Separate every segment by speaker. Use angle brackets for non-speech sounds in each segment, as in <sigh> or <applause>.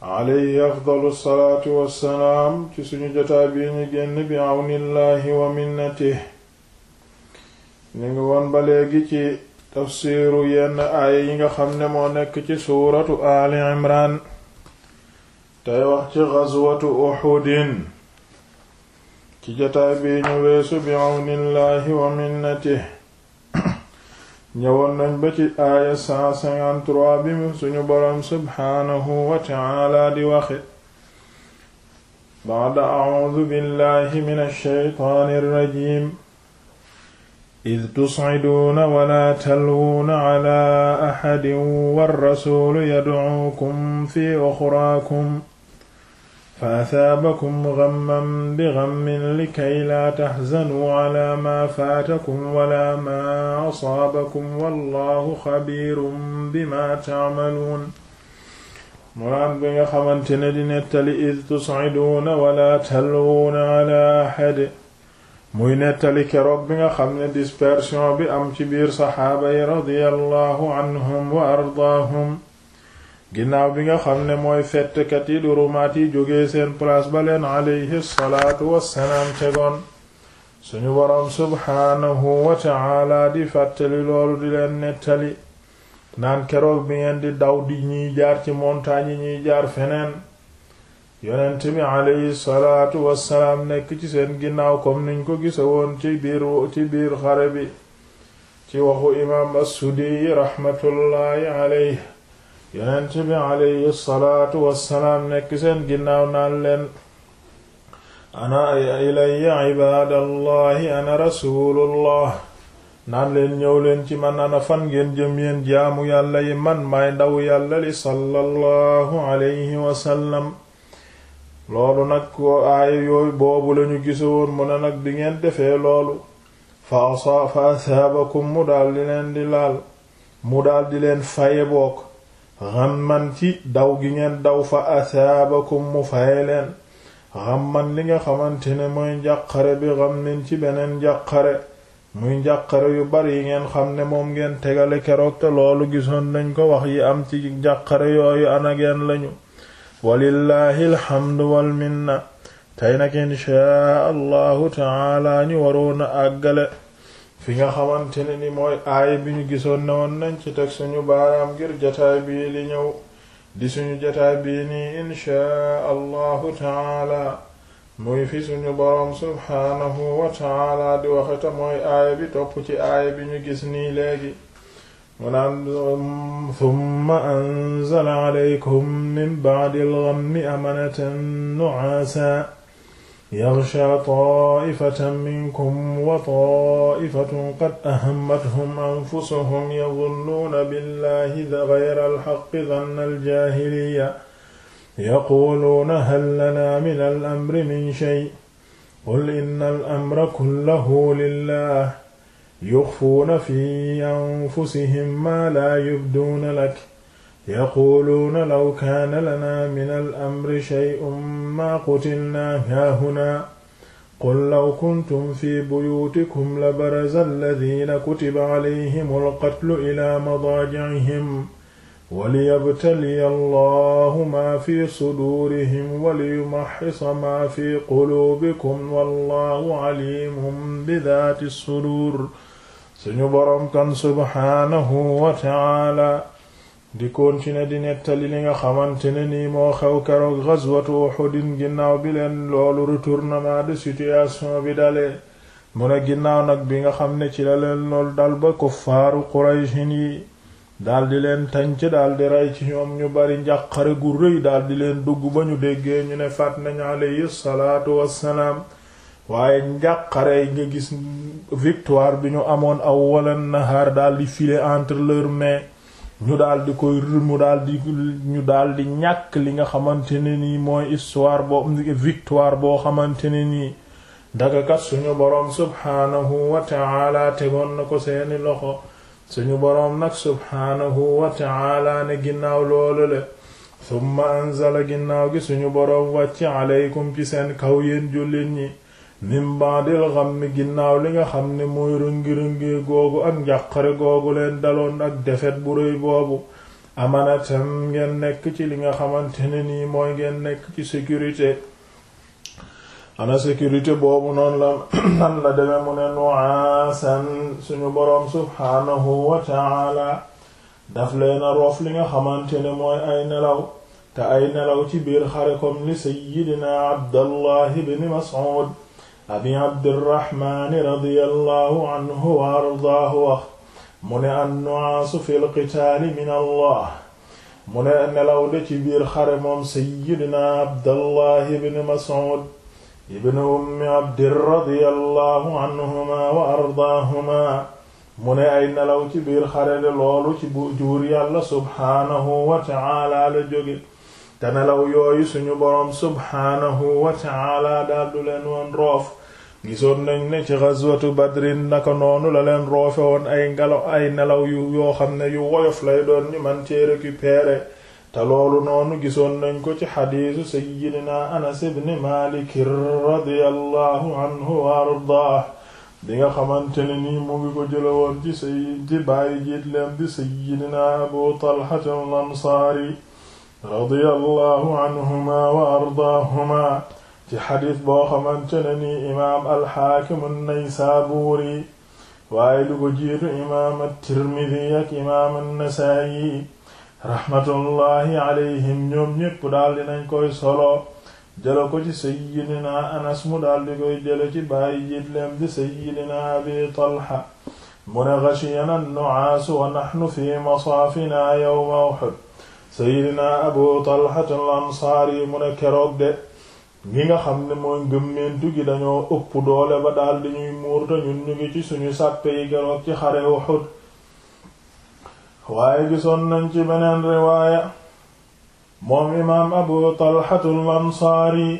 Speaker 1: alayhi afdalu salaatu wassalaam ci suñu jotaa bi ñu génn bi awnillahi wa minnatih ñu ngi woon ba léegi ci tafsiiru yenn aaya yi nga xam ne moo nekk ci suuratu aali imraan tey wax ci gazwatu uxudin ci jotaa ñu weesu bi awnillahi wa minnatih ñëwoon nañ ba ci aaya 153 bi mu suñu boroom subhaanahu wa ta'aala di waxe ba'da a'uudu billahi minash shaytaanir rajiim id tusciduuna wala talwuuna calaa axadin warrasuulu yadcuukum fi uxraakum fa asaabakum gamman bi gammin likay laa taxzanuu alaa maa faatakum wala maa asaabakum wallahu xabiirum bimaa tacmaluun muraan bi nga xamante ne di nettali id tusciduuna wala talwuuna ala axad muy nettali keroog bi nga xam ne dispersion bi am ci biir saxaaba yi radiyallahu anhum wa ardaahum ginnaaw bi nga xam ne mooy fettkat yi du rumaat yi jógee seen place ba leen alayhi salaatu wassalaam tegoon suñu boroom subxaanahu wa ta'ala di fàttali loolu di leen nettali naan keroog bi ngeen di daw di ñuy jaar ci montagne yi ñuy jaar feneen yonent bi alayhi salaatu wassalaam nekk ci seen ginnaaw comme niñ ko gisa woon ci biir ci biir xare bi ci waxu imaam assudii raxmatullaahi alayhi yonent bi alayhi salaatu wassalaam nekk seen ginnaaw naan leen ana ilayya ibaadallahi ana rasulullah naan leen ñëw leen ci man ana fan ngeen jëm yeen jaamu yàlla yi man maay ndaw yàlla li sallallahu alayhi wasallam loolu nag ko aaya yooyu boobu lañu gisoon mu ne nag bi ngeen defee loolu fa asaa fa asaabakum mu daldi leen di laal mu daldi leen faye bokk man ci daw gi ngeen daw fa asaabakum mu fay leen man li nga xamante ne mooy njàqare bi xam nin ci beneen njàqare muy njàqare yu bari yi ngeen xam ne moom ngeen tegale keroog te loolu gisoon nañ ko wax yi am ci njàqare yooyu ana ngeen lañu walillahi alhamdu wal minna tey nag inchaa allahu taala ñu waroon a fi nga xamante ne ni mooy aaya bi ñu gisoon ne woon nañ ci teg suñu baaraam ngir jataay bii li ñëw di suñu jataay bii nii inchaa allahu taala muy fi suñu boroom subhaanahu wa taala di waxeta mooy aaya bi topp ci aaya bi ñu gis nii léegi mu naan thumma anzala alaykum min ba'di al-ghammi amanatan nu'aasa
Speaker 2: yaxsha
Speaker 1: taa'ifatan minkum wa taa'ifatun qad ahammathum anfusuhum yadunnuuna billahi ghayra alhaqqi dhanna aljaahiliyya yaquuluuna hal lanaa min al-amri min shay' qul inna al-amra kullahu lillaah yuxfuuna fi anfusihim maa laa yubduuna lak yaquluuna law kaana lanaa min al-amri shay'un maa qutilnaa haahunaa qul law kuntum fi buyuutikum la baraza alladiina kutiba calayhim alqatlu ilaa madaajicihim waliyabtaliya allahu maa fi suduurihim waliyumaxxisa maa fi quluubikum wallahu caliimun bidaati suduur suñu boroom kan subxaanahu wa tacaala di continuer di nettali li nga xamante ne nii moo xew keroog ghazwatu Uhud ginnaaw bi leen loolu retournement de situation bi dalee mu ne ginnaaw nag bi nga xam ne ci la leen loolu dal ba kuffaaru Qurayshin yi di leen tànc di rey ci ñoom ñu bari njàqare gu rëy di leen dugg ba ñu déggee ñu ne faat nañu alayhi salaatu wassalaam waaye njàqare yi nga gis victoire bi ñu amoon aw awwalan nahar di filer entre leur mai ñu daal di koy mu daldi di ñu daal di ñàkk li nga xamante ne nii mooy histoire boo victoire boo xamante ne nii dagakat suñu boroom subhaanahu wa ta'ala tegoon na ko seeni loxo suñu boroom nag subhaanahu wa ta'ala ne ginnaaw loolu le summa anzala ginnaaw gi suñu boroom wàcc aleykum ci seen kaw yéen jullit ñi min baadil ghammi ginnaaw li nga xam ne mooy rëngi-rëngee googu ak njàqare googu leen daloon ak defet bu rëy boobu amanatam ngeen nekk ci li nga xamante ne nii mooy ngeen nekk ci sécurité ana sécurité boobu noon la <clears throat> nan la demee mu ne nuaasan suñu boroom subhaanahu wa taala daf leena roof li nga xamante ne mooy ay nelaw te ay nelaw ci biir xare comme li sayyidina abdallahi ibn mas'ud abi abdirrahmaani radiyallahu anhu wa ardaahu wax mu ne annuaasu fi lqitaali min allah mu ne nelaw de ci biir xare moom sayidna abdallah ibn mas'ud ibn ummi abdir radiyallahu anhuma wa ardaahuma mu ne ay nelaw ci biir xare de loolu ci bu yàlla subhaanahu wa ta'aala la jóge te nelaw yooyu suñu subhaanahu wa ta'aala daldu leen woon roof gisoon nañ ne ci ghazwatu badrin naka noonu la leen roofe woon ay ngelaw ay nelaw yu yoo xam ne yu woyof lay doon ñu man cee récupérer te loolu noonu gisoon nañ ko ci xadiisu sayyidina anas ibn malik radiyallahu anhu wa ardaah bi nga xamante ne nii mu ngi ko jëlawoon ci say ci jiit leen di sayyidina abu talhat al ansaari radiyallahu anhuma wa ardaahuma ci xadis boo xamante ne ni imaam alxaakim an-Naysaabuuri waaye lu ko imaam at-Tirmidi imaam an-Nasaayi ci sayyidina Anas mu daal di koy jële ci bàyyi jiitleem di mu ne ghashiyana an-nu'aas wa nahnu fi masaafinaa yawma Uhud sayyidina Abu Talha al-Ansaari mu ne keroog ngi nga xam ne mooy ngëmmentu gi dañoo ëpp doole ba daal di ñuy muur te ñun ñu ngi ci suñu sàppe yi geroog ci xare Uhud waaye gisoon nañ ci beneen riwaaya moom imaam abu talxatul ansaari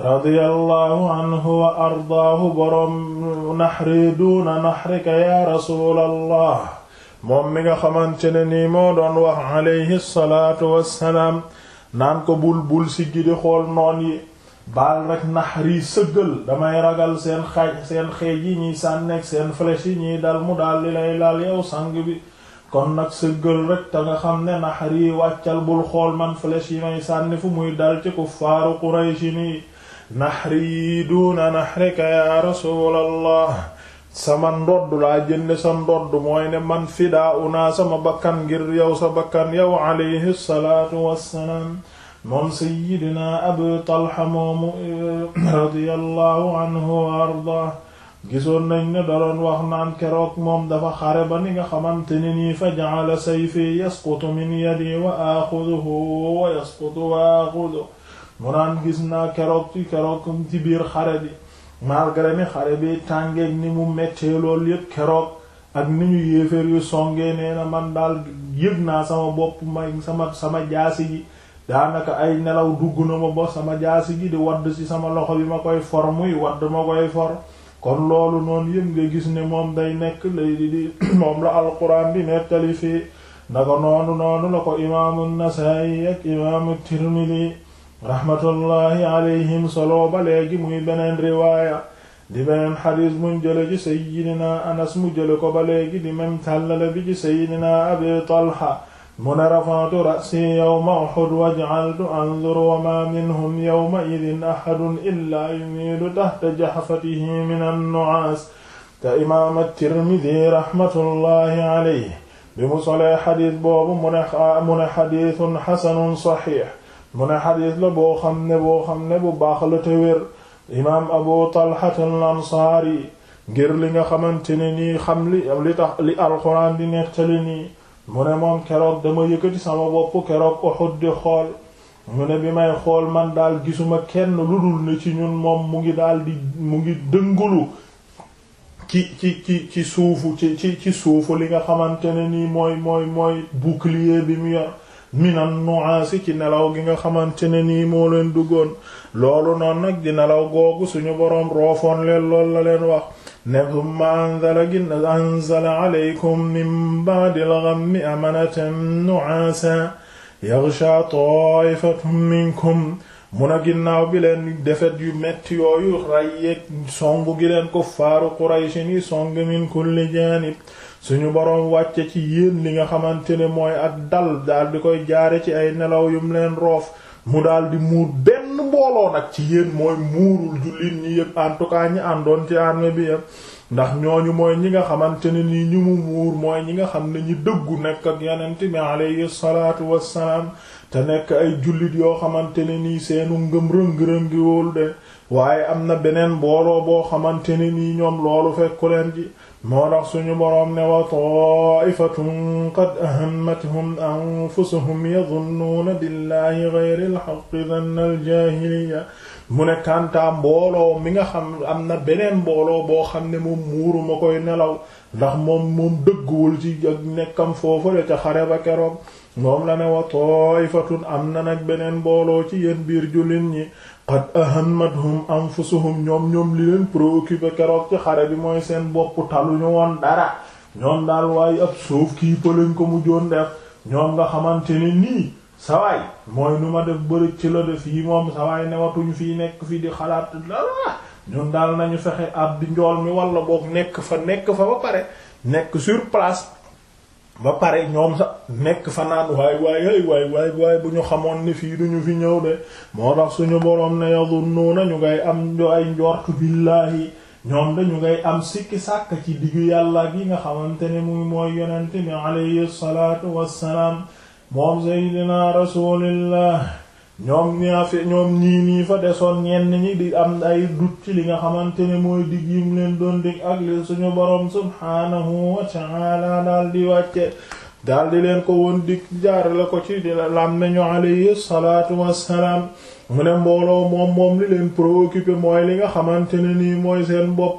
Speaker 1: radiyallahu anhu wa ardaahu boroom naxri duuna naxrika ya rasuulallah moom mi nga xamante ne nii moo doon wax alayhi salaatu wassalaam naan ko bul bul siggi di xool noon yi baal rek naxari sëggal damay ragal seen seen xeej yi ñuy sànneeg seen flèche yi ñuy dal mu daal li lay laal yow sang bi kon nag sëggal rek te nga xam ne naxari wàccal bul xool man flèche yi may sànni fu muy dal ci kuffaaru Quraysh ni naxari duuna naxrika ya rasulallah sama ndodd laa jënd sa ndodd mooy ne man fidaa unaa sama bakkan ngir yow sa bakkan yow alayhi salaatu wassalaam moom sayyidina abu talha moomu eh, radiyallahu anhu wa ardaa gisoon nañ ne daroon wax naan keroog moom dafa xare ba ni nga xamante ne nii fa ja'ala sayfi yasqutu min yadi wa axuduhu mu naan gis naa keroog ci keroog ci biir xare bi malgré ni xare bi tàngeeg ni mu mettee lool yépp keroog ak ni ñu yéeféer yu songee nee man daal yëpp naa sama bopp ma sama sama jaasi ji daanaka ay nelaw dugg na ma ba sama jaasi ji di wadd ci sama loxo bi ma koy for muy wadd ma koy for kon loolu noonu yëpp nga gis ni moom day nekk lay di di <clears throat> moom la alquran di nettali fii naka noonu noonu la ko imaamu Nasaa'i ak imaamu Tirmidi raxmatullahi alayhim solo ba léegi muy beneen riwaaya di beneen xadiis mu jële ci seydina anas mu jële ko ba léegi di mem tàllale bi ci seydina abi talha mu ne rafa'tu ra'si yawma uhud wa ja'altu anzuru wa ma minhum yawma idin ahadun illaa yumiilu tahta jahfatihi min an-nu'aas te imaam at-tirmidi raxmatullahi alayhi bi mu solee xadiis boobu mu ne mu ne xadiisun xasanun saxiix mu ne xadis la boo xam ne boo xam ne bu baax la te wér imaam abu talhat al ansaari ngir li nga xamante ne nii xam li li tax li alxuraan di nettali nii mu ne moom keroog dama yëkkati sama bopp keroog Uhud di xool mu ne bi may xool man daal gisuma kenn lu dul ne ci ñun moom mu ngi daal di mu ngi dëngulu ci ci ci ci suufu ci ci ci suufu li nga xamante ne nii mooy mooy mooy bouclier bi mu yor minan nu'aasi ci nelaw gi nga xamante ne nii moo leen duggoon loolu noonu nag di nelaw googu suñu boroom roofoon leen loolu la leen wax ne thumma anzala gin anzala alaykum min ba'dil ghammi amanatan nu'aasan yaghsha ta'ifatun minkum mun a ginnaaw bi leen defet yu metti yooyu rayyeeg song gi leen ko faaru Quraysh ni song min kulli jaanib suñu boroom wàcce ci yéen li nga xamante ne mooy ak dal daal di koy jaare ci ay nelaw yum leen roof mu daal di muur benn mbooloo nag ci yéen mooy muurul jullit ñi yëpp en tout cas ñi àndoon ci armée bi yëpp ndax ñooñu mooy ñi nga xamante ne nii ñu mu muur mooy ñi nga xam ne ñi dëggu nekk ak yonent bi alayhi salaatu wassalaam te nekk ay jullit yoo xamante ne nii seenu ngëm rëng-rëngiwóolu de waaye am na beneen mbooloo boo xamante ne nii ñoom loolu fekku leen moo tax suñu boroom ne wa ta'ifatun qad ahammathum anfusuhum yadunnuuna billahi ghayri alhaqqi dhanna aljaahiliya mu ne kàntaa mbooloo mi nga xam am na beneen mbooloo boo xam ne moom muuru ma koy nelaw ndax moom moom dëgguwul ci ak nekkam foofale ca xare ba keroog moom la ne wa ta'ifatun am na nag beneen mbooloo ci yéen biir jullit ñi qad ahammathum anfusuhum ñoom ñoom li leen préoccupé keroog ci xare bi mooy seen bopp taluñu woon dara ñoom daal waaye ab suuf kii pëlañ ko mu joon def ñoom nga xamante ni nii sawaay mooy nu ma def bërëg ci la def yi moom sawaay newatuñ fii nekk fi di xalaat dara ñun daal nañu fexe ab di njool mi walla boog nekk fa nekk fa ba pare nekk sur place ba pare ñoom sax nekk fa naan waay waay waay waay waay bu ñu xamoon ni fii ñu fi ñëw de moo tax suñu boroom ne yadunnuuna ñu ngay am ay njort billaahi ñoom dañu ngay am sikki sàkk ci diggu yàlla gi nga xamante ne muy mooy yonente bi alayhi salaatu wassalaam moom seydina rasulillah ñoom ñaa ñoom ñii nii fa desoon ñenn ñi di am ay dut ci li nga xamante ne mooy dig yim leen doon dig ak li suñu boroom subhaanahu wa ta'ala daal di wàcce daal di leen ko woon dig jaar la ko ci di lam nañu alayhi salaatu wassalaam mu ne mbooloo moom moom li leen préoccupé mooy li nga xamante ne nii mooy seen bopp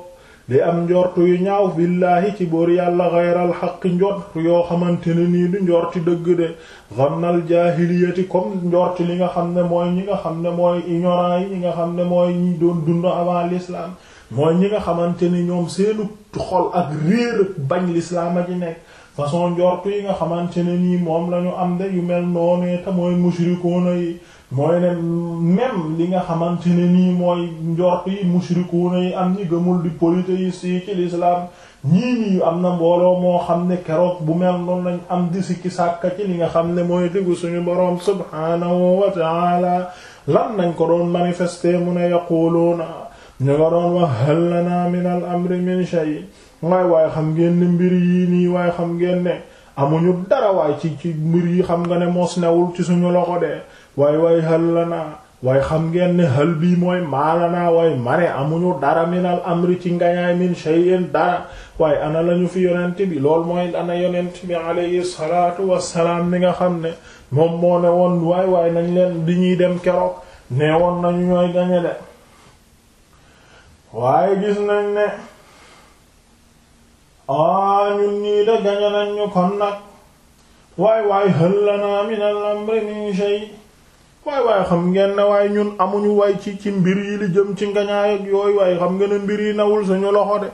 Speaker 1: di am njort yu ñaaw billaahi ci buur yàlla xayral xaq njort yoo xamante ne nii du njorti dëgg de zannal jaahiliyati comme njort li nga xam ne mooy ñi nga xam ne mooy ignorant yi nga xam ne mooy ñi doon dund avant lislaam mooy ñi nga xamante ni ñoom seenu xol ak réer ak bañ l'islam a ci nekk façon njort yi nga xamante ne nii moom lañu am de yu mel noonee mooy mushrikoona yi mooy ne même li nga xamante ne nii mooy njort yi mushrikuuna yi am ñi gëmul di polythéistes yi ci l'islam ñii nii am na mbooloo moo xam ne keroog bu mel noonu lañ am di sikki sàkka ci li nga xam ne mooy dëggu suñu boroom subhaanahu wa ta'ala lan nañ ko doon manifester mu ne yaquluuna ñu nga doon wax hal lana min al amri min shay waaye xam ngeen ne mbir yii nii waaye xam ngeen ne amuñu dara waay ci ci mbir yi xam nga ne mos newul ci suñu loxo de waay waay hal lanaa waaye xam ngeen ne hal bii mooy maalanaa waaye mane amuñu dara minal amri ci ngañaay min shay'in dara waaye ana lañu fi yonent bi lool mooy ana yonent bi alayhi salaatu wassalaam mi nga xam ne moom moo ne woon waay waay nañ leen di ñuy dem keroog nee woon nañu ñooy gañe de waaye gis nañ ne aa ñun ñii de gañe nañ kon nag waay waay hal lanaa minal amri min shay' waaye waaye xam ngeen ne waaye ñun amuñu way ci ci mbir yi li jëm ci ngañaay yooyu waaye xam nga ne mbir yi nawul suñu loxo de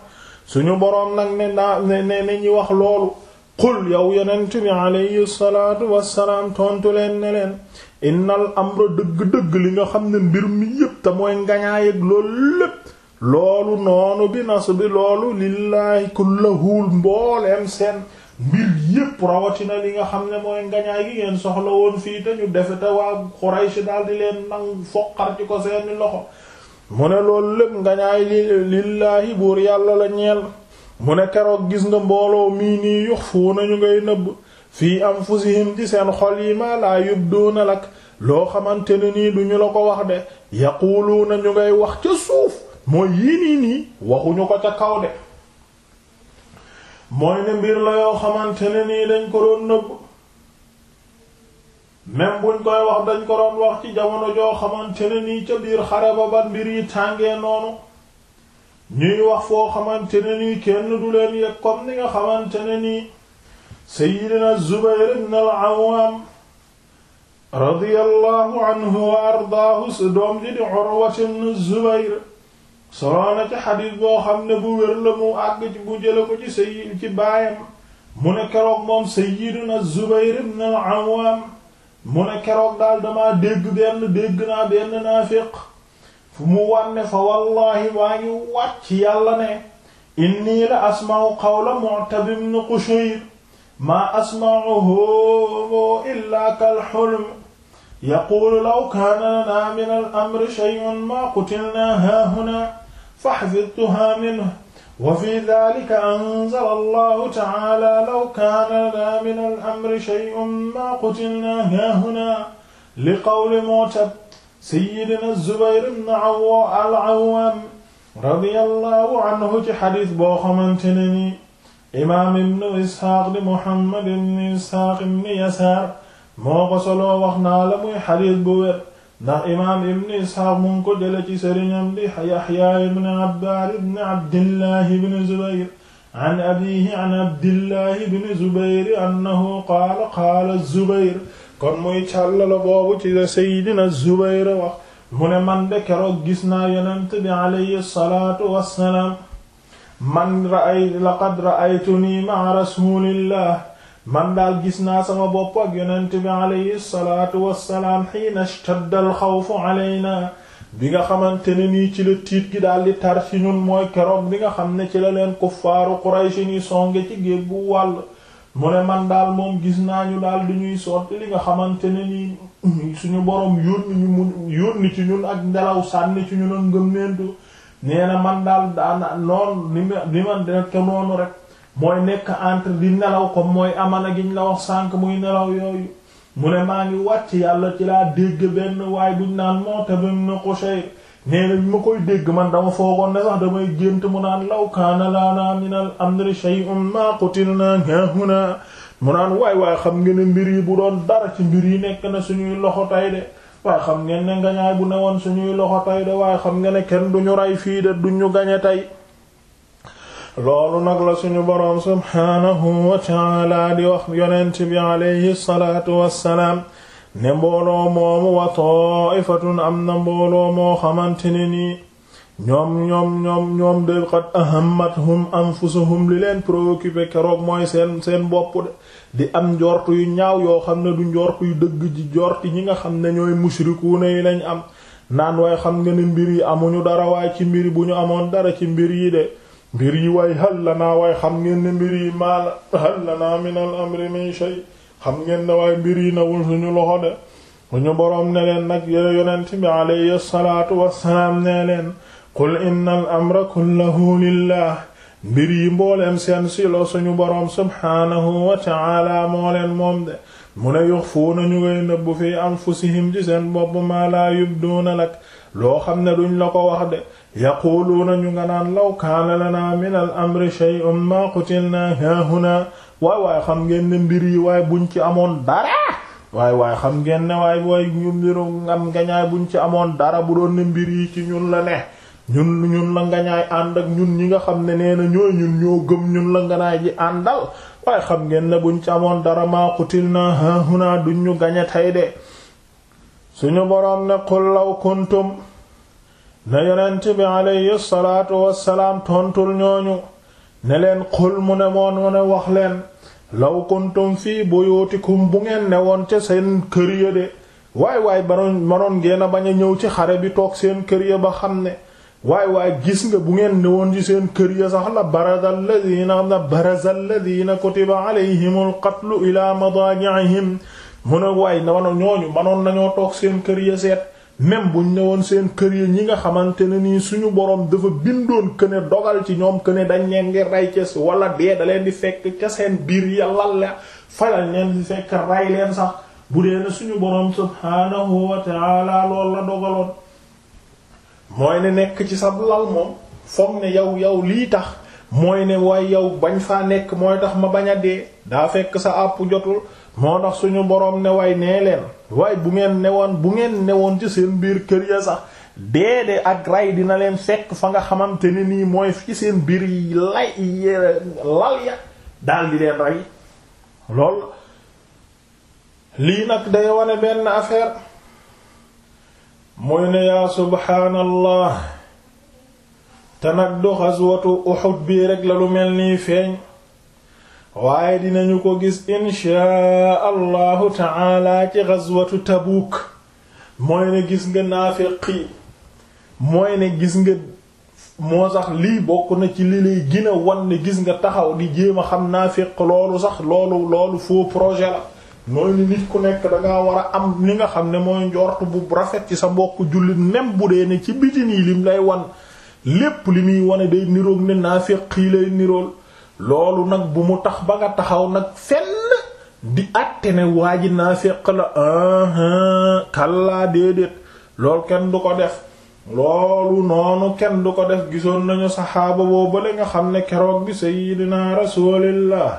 Speaker 1: suñu boroom nag ne naa ne ne ñi wax loolu qul yow yonent bi alayhi salaatu wassalaam tontu leen ne leen innal amra dëgg-dëgg li nga xam ne mbir mi yépp te mooy ngañaay ak loolu lépp loolu noonu bi nas bi loolu lillaahi kullahul mbooleem seen mbir yépp rawatina li nga xam ne mooy ngañaay gi ngeen soxla woon fii te ñu defe te waa Quraysh daal di leen nang foqar ci ko seeni loxo mu ne loolu lépp ngañaay li lillaahi buur yàlla la ñeel mu ne keroog gis nga mbooloo mii nii yux fuu nañu ngay nëbb fii am anfusihim di seen xol yi ma laa na lak loo xamante ne nii duñu la ko wax de yaquluuna ñu ngay wax ca suuf mooy yii nii nii waxuñu ko ca kaw de mooy ne mbir la yoo xamante ne nii dañ ko doon nëbb même buñ koy wax dañ ko doon wax ci jamono joo xamante ne nii ca biir xare ba ba mbir yi tàngee noonu ñuy wax foo xamante ne nii kenn du leen yëg comme ni nga xamante ne nii seydina Zubayr ibn al-Awwam radiyallahu anhu wa ardaahu sa doom ji di Urwa Zubayr soloo na ci xadis boo xam ne bu wér la mu àgg ci bu jële ko ci sayi ci baayam mu ne keroog moom sayyiduna Zubayr ibn al-Awwam mu ne keroog daal damaa dégg benn dégg naa benn naafiq fu mu wànne fa wallahi waa ngi wàcc yàlla ne inni la asma'u qawla Mu'tab ibn Qushayr maa asma'uhu illa kal hulm yaqulu law kaana lanaa min al-amri shay'un maa qutilnaa haahunaa فحفظتها منه وفي ذلك أنزل الله تعالى لو كان لنا من الأمر شيء ما قتلنا هاهنا لقول معتب سيدنا الزبير بن العوام radiyallahu anhu ci xadis boo xamante ne ni imaam ibnu isxaaq di muhammad ibnu isxaaq ibnu yasaar moo ko soloo wax naa la muy xadis bu wér ndax imaam ibn isxaaq mu ngi ci sëriñam di yaxya ibn abbaar ibn abdillahi ibn zubayr an abiihi an abdillahi ibn zubayr annahu qaala qaala zubayr boobu ci la seydina zubayr wax mu ne man de keroog gis naa yonent bi wassalaam man ra'ay laqad ra'aytunii ma'a man daal gis naa sama bopp ak yonent bi alayhi salaatu wassalaam xiina ishtadda al xawfu alayna bi nga xamante ne nii ci la tiit gi daal di tar ci ñun mooy keroog bi nga xam ne ci la leen kuffaaru Quraysh ni songe ci géej bu wàll mu ne man daal moom gis naa ñu daal di ñuy sotti li nga xamante ne nii suñu borom yónni ñu mun yónni ci ñun ak ndelaw sànni ci ñun ak ngëm neentu nee man daal daana noonu li ma li rek mooy nekk entre di nelaw comme mooy amana giñ la wax sànk muy nelaw yooyu mu ne maa ngi wàcc yàlla ci laa dégg benn waay ñu naan Mu'tab ibn Qushayr nee na ma koy dégg man dama foogoon ne damay gént mu naan law kaana lana min al amri shay'un ma qutilna hahuna mu naan waay waay xam nga ne mbir yi bu doon dara ci mbir yi nekk na suñuy loxo tay de waaye xam ngeen ne ngañaay bu newoon suñuy loxo tay de waaye xam ngeen ne kenn du ñu rey fii de duñu gañe tey loolu nag la suñu boroom subhaanahu wa ta'aala di wax yonent bi alayhi salaatu wassalaam ne mbooloo moomu wa taa'ifatun am na mbooloo moo xamante ne nii ñoom ñoom ñoom ñoom de qad ahammathum anfusuhum li leen préoccupé keroog mooy seen seen bopp di am njort yu ñaaw yoo xam ne du njort yu dëgg ji njort ñi nga xam ne ñooy mushrikuuna yi lañ am naan waaye xam nga ne mbir yi amuñu dara waaye ci mbir bu ñu amoon dara ci mbir yi de mbir yi waay hal xam ngeen ne mbir yi maal hal lanaa min al min shay xam ngeen ne waay mbir yi nawul suñu loxo de suñu boroom ne leen nag yéen yonent bi alayhi salaatu wassalaam nee qul inna al kullahu lillah mbir yi mbooleem seen silo suñu boroom subhaanahu wa ta'ala moo moom de mu ne yuxfuuna ñu ngay nëbbu fi anfusihim ci seen bopp maa laa yubduuna lak loo xam ne duñ la ko wax de yaquuluuna ñu nga naan law kaana lanaa min al amri shay'un maa qutilnaa haahunaa waay waay xam ngeen ne mbir yi waaye buñ ci amoon dara waay waay xam ngeen ne waay waay ñu ci amoon dara bu mbir yi ci ñun la ne ñun ñun la ñi nga xam ne nee na ñooy ñun ñoo gëm ñun la ngañaay ji àndal waaye xam ngeen ne buñ ci amoon dara maa qutilnaa haahunaa duñ ñu gañe tey de suñu boroom ne qul law kuntum na yonent bi aleyhi salaatu wassalaam tontul ñooñu ne leen xul mu ne moon mu ne wax leen law kuntum fii buyuutikum bu ngeen ne woon ca seen kër ya de waay waay banoon manoon ngeen a bañ a ñëw ci xare bi toog seen kër ya ba xam ne waay waay gis nga bu ngeen ne woon ci seen kër ya sax la baraza alladina xam na baraza alladina kutiba alayhimul qatlu ilaa madaaji'ihim mu ne waay na ñooñu manoon nañoo toog seen kër ya seet même buñ ne woon seen kër yi ñi nga xamante ne nii suñu borom dafa bindoon que dogal ci ñoom que dañ leen di rey ca wala dee da leen di fekk ca seen biir ya lal la fayal leen di fekk rey leen suñu borom subhaanahu wa la dogaloon. mooy ne nekk ci sa lal moom foog ne yow yow lii tax mooy ne waaye yow bañ faa nekk mooy tax ma bañ a dee daa fekk sa àpp jotul moo tax suñu borom ne way nee leen. waay bu ngeen newoon bu ngeen newoon ci seen biir kër ya sax deede ak ray dina leen sekk fa nga xamante ne nii mooy ci seen biir yi lay lal ya daal di leen rey lool lii nag day wane benn affaire muy ne yaa subhaanallah te nag doxas xaswatu Uhud bii rek la lu mel nii feeñ waaye dinañu ko gis inchaa allahu taala ci ghazwatu Tabuuk mooy ne gis nga naafiq yi mooy ne gis nga moo sax lii bokk na ci li lay gën a wan ne gis nga taxaw di jéem a xam naafiq loolu sax loolu loolu faux projet la mooy nit ku nekk dangaa war a am li nga xam ne mooy njort bu rafet ci sa mbokk jullit même bu dee ne ci biti nii lim lay wan lépp li muy wane day niroog ne naafiq yi lay nirool loolu nag bu mu tax ba nga taxaw nag fenn di àtte ne waa ji naa féq la aha kallaa déedéet loolu kenn du ko def loolu noonu kenn du ko def gisoon nañu saxaaba boo la nga xam ne keroog bi sayyidina rasulillah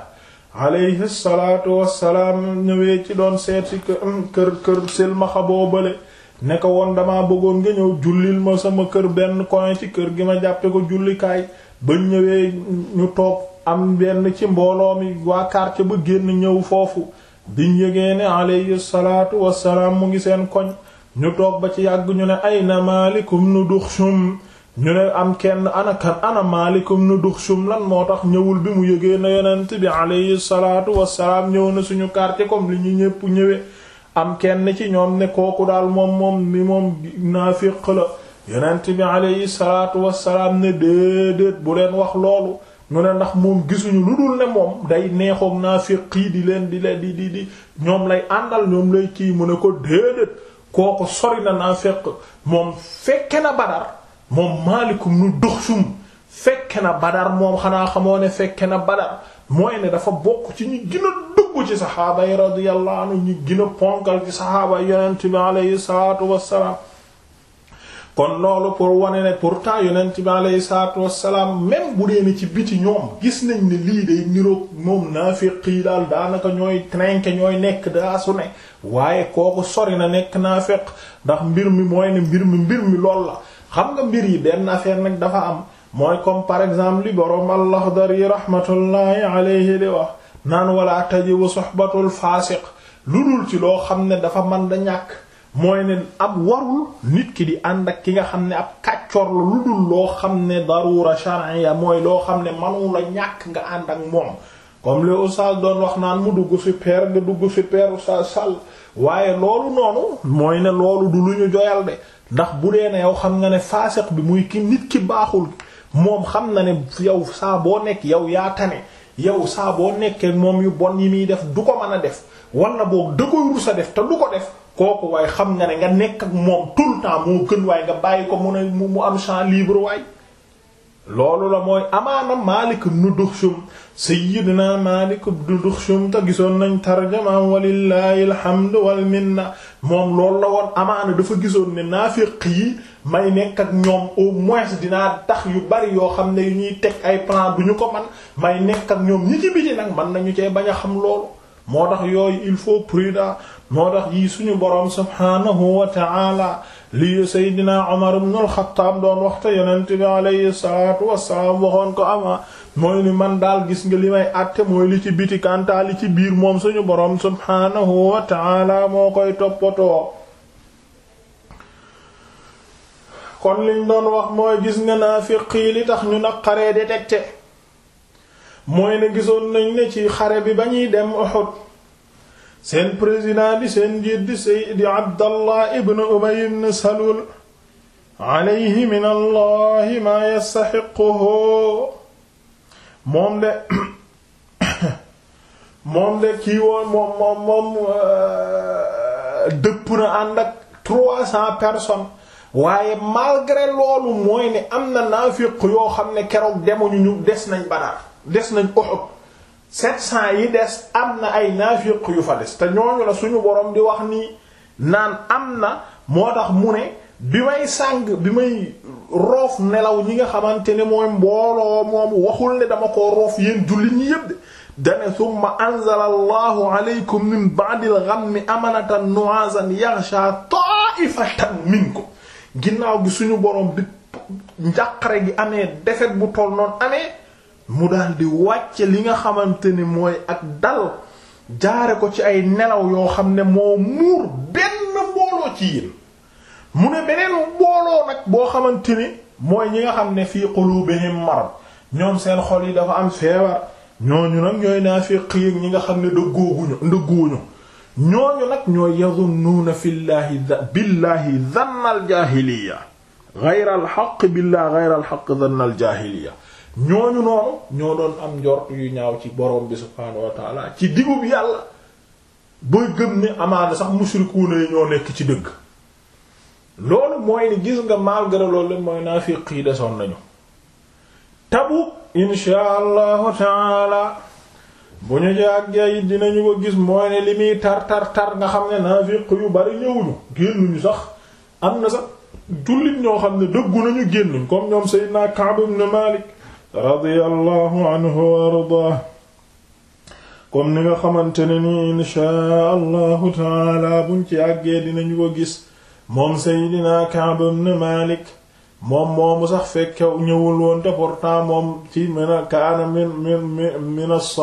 Speaker 1: alayhi salaatu wassalaam ñëwee ci doon seet si mm, kër kër silmaxa boobale ne ko woon dama bëggoon nga ñëw jullil ma sama kër benn coin ci kër gi ma jàppe ko jullikaay ba ñëwee ñu toog am benn ci mbooloo mi waa quartier ba génn ñëw foofu biñ yëgee ne alayhi salaatu salaam mu ngi seen koñ ñu toog ba ci yàgg ñu ne ay na maalikum nu duxsum ñu ne am kenn ana kan ana maalikum nu duxsum lan moo tax ñëwul bi mu yëgee na yonent bi alayhi salaatu wassalaam ñëw na suñu quartier comme li ñu ñépp ñëwee am kenn ci ñoom ne kooku daal moom moom mi moom naafiq la yonent bi alayhi salaatu wassalaam ne déedéet bu leen wax loolu mu ne ndax moom gisuñu lu dul ne moom day neexoog naa féqii di leen di leen di di di ñoom lay àndal ñoom lay kii mu ne ko déedéet kooku sori na naa féq moom fekke na badar moom maalikum nu dox sum fekke na badar moom xanaa xamoo ne fekke na badar mooy ne dafa bokk ci ñu gën a dugg ci saxaaba yi radiyallahu anhu ñu gën a ponkal ci saxaaba yonent bi alayhi salaatu wassalaam kon loolu pour wane ne pourtant yonent bi aleyhi salaatu wassalaam même bu dee ne ci biti ñoom gis nañ ni lii day niroog moom naafiq yi daal daanaka ñooy trinqué ñooy nekk daa su ne waaye kooku sori na nekk naafiq ndax mbir mi mooy ne mbir mi mbir mi lool la xam nga mbir yi benn affaire nag dafa am mooy comme par exemple li boroom al-Laxdari rahmatullahi alayhi di wax naan wala tajibu soxbatul faasiq lu dul ci loo xam ne dafa man da ñàkk mooy ne ab warul nit ki di ànd ak ki nga xam ne ab kàccoor la lu dul loo xam ne darura shar'iyya mooy loo xam ne manu la ñàkk nga ànd ak moom comme le oustaz doon wax naan mu dugg fi nga dugg fi peer sal waaye loolu noonu mooy ne loolu du lu ñu joyal de ndax bu dee ne xam nga ne faasiq bi muy ki nit ki baaxul moom xam na ne yow saa boo nekk yow yaa tane yow saa boo nekkee moom yu bon yi muy def du ko mën a def war na da koy sa a def te du ko def kooku waaye xam nga ne nga nekk ak moom tout le temps moo gën waaye nga bàyyi ko mu ne mu am champ libre waay loolu la mooy amaana Maalik ibn Duxsum sayyidina Maalik ibn Duxsum te gisoon nañ tarjamaam walillahi alhamdu wal minna moom loolu la woon amaana dafa gisoon ne naafiq yi may nekk ñoom au moins dinaa tax yu bari yoo xam ne yu ñuy teg ay plan bu ñu ko man may nekk ak ñoom ñi ci biti nag mën nañu cee bañ a xam loolu moo tax yooyu il faut prudent moo tax yii suñu boroom subhaanahu wa ta'ala lii Seydina Omar ibn al doon waxta yonent bi alayhi salaatu wassalaam waxoon ko ama mooy ni man daal gis nga li may àtte mooy li ci biti kantaa ci biir moom suñu boroom subhaanahu wa ta'ala moo koy toppatoo kon liñ doon wax mooy gis nga naafiq yi li tax ñu naqaree détecté mooy ne gisoon nañ ne ci xare bi ba ñuy dem Uhud seen président bi seen njiit bi Seydi Abdallah ibn Ubay ibn Salul alayhi min allahi maa yastaxiquhu moom de <coughs> moom euh, na ànd trois cents personnes waaye malgré loolu mooy ne am na naafiq yoo xam ne keroog demuñu ñu des nañ Badar des nañ Uhud 700 yi des am na ay naafiq yu fa des te ñooñu la suñu borom di wax nii naan am na moo tax mu ne bi may sàng bi may roof nelaw ñi nga xamante ne mooy mbooloo moom waxul ne dama ko roof yéen jullit ñi yépp de dane thumma anzala allahu alaykum min ba'dil ghammi amanatan nu'asan yaghsha ta'ifatan minkum ginnaaw gi suñu borom bi njàqare gi amee defet bu toll noonu amee mu daal di wàcce li nga xamante ni mooy ak dal jaare ko ci ay nelaw yoo xam ne moo muur benn mbooloo ci yéen mu ne beneen mbooloo nag boo xamante ni mooy ñi nga xam ne fii qulubihim marad ñoom seen xol yi dafa am feebar ñooñu nag ñooy naafiq yi ñi nga xam ne dëggooguñu dëggooñu ñooñu nag ñooy yazunnuuna fillaahi billaahi dhanna al jaahiliya ghayra al haqq billaahi ghayra al haqq jaahiliya ñooñu noonu ñoo doon am njort yu ñaaw ci borom bi subhaanahu wa ci digub yàlla booy gëm ni amaana sax musrikuuna yi ñoo nekk ci dëgg loolu mooy ni gis nga malgré loolu mooy naafiq yi desoon nañu Tabuk insha allahu taala bu ñu jàggee it dinañu ko gis mooy ne li muy tar tar tar nga xam ne naafiq yu bari ñëwuñu génnuñu sax am na sax jullit ñoo xam ne dëggu nañu génnuñ comme ñoom Sayyidina Ka'b ibn Malik radiyallahu anhu wa ardaa comme ni nga xamante ne ni inchaa allahu taala buñ ci àggee dinañu ko gis moom seydinaa Kaab ibn Maalik moom moomu sax fekke ñëwul woon te pourtant moom ci mina kaana min min min as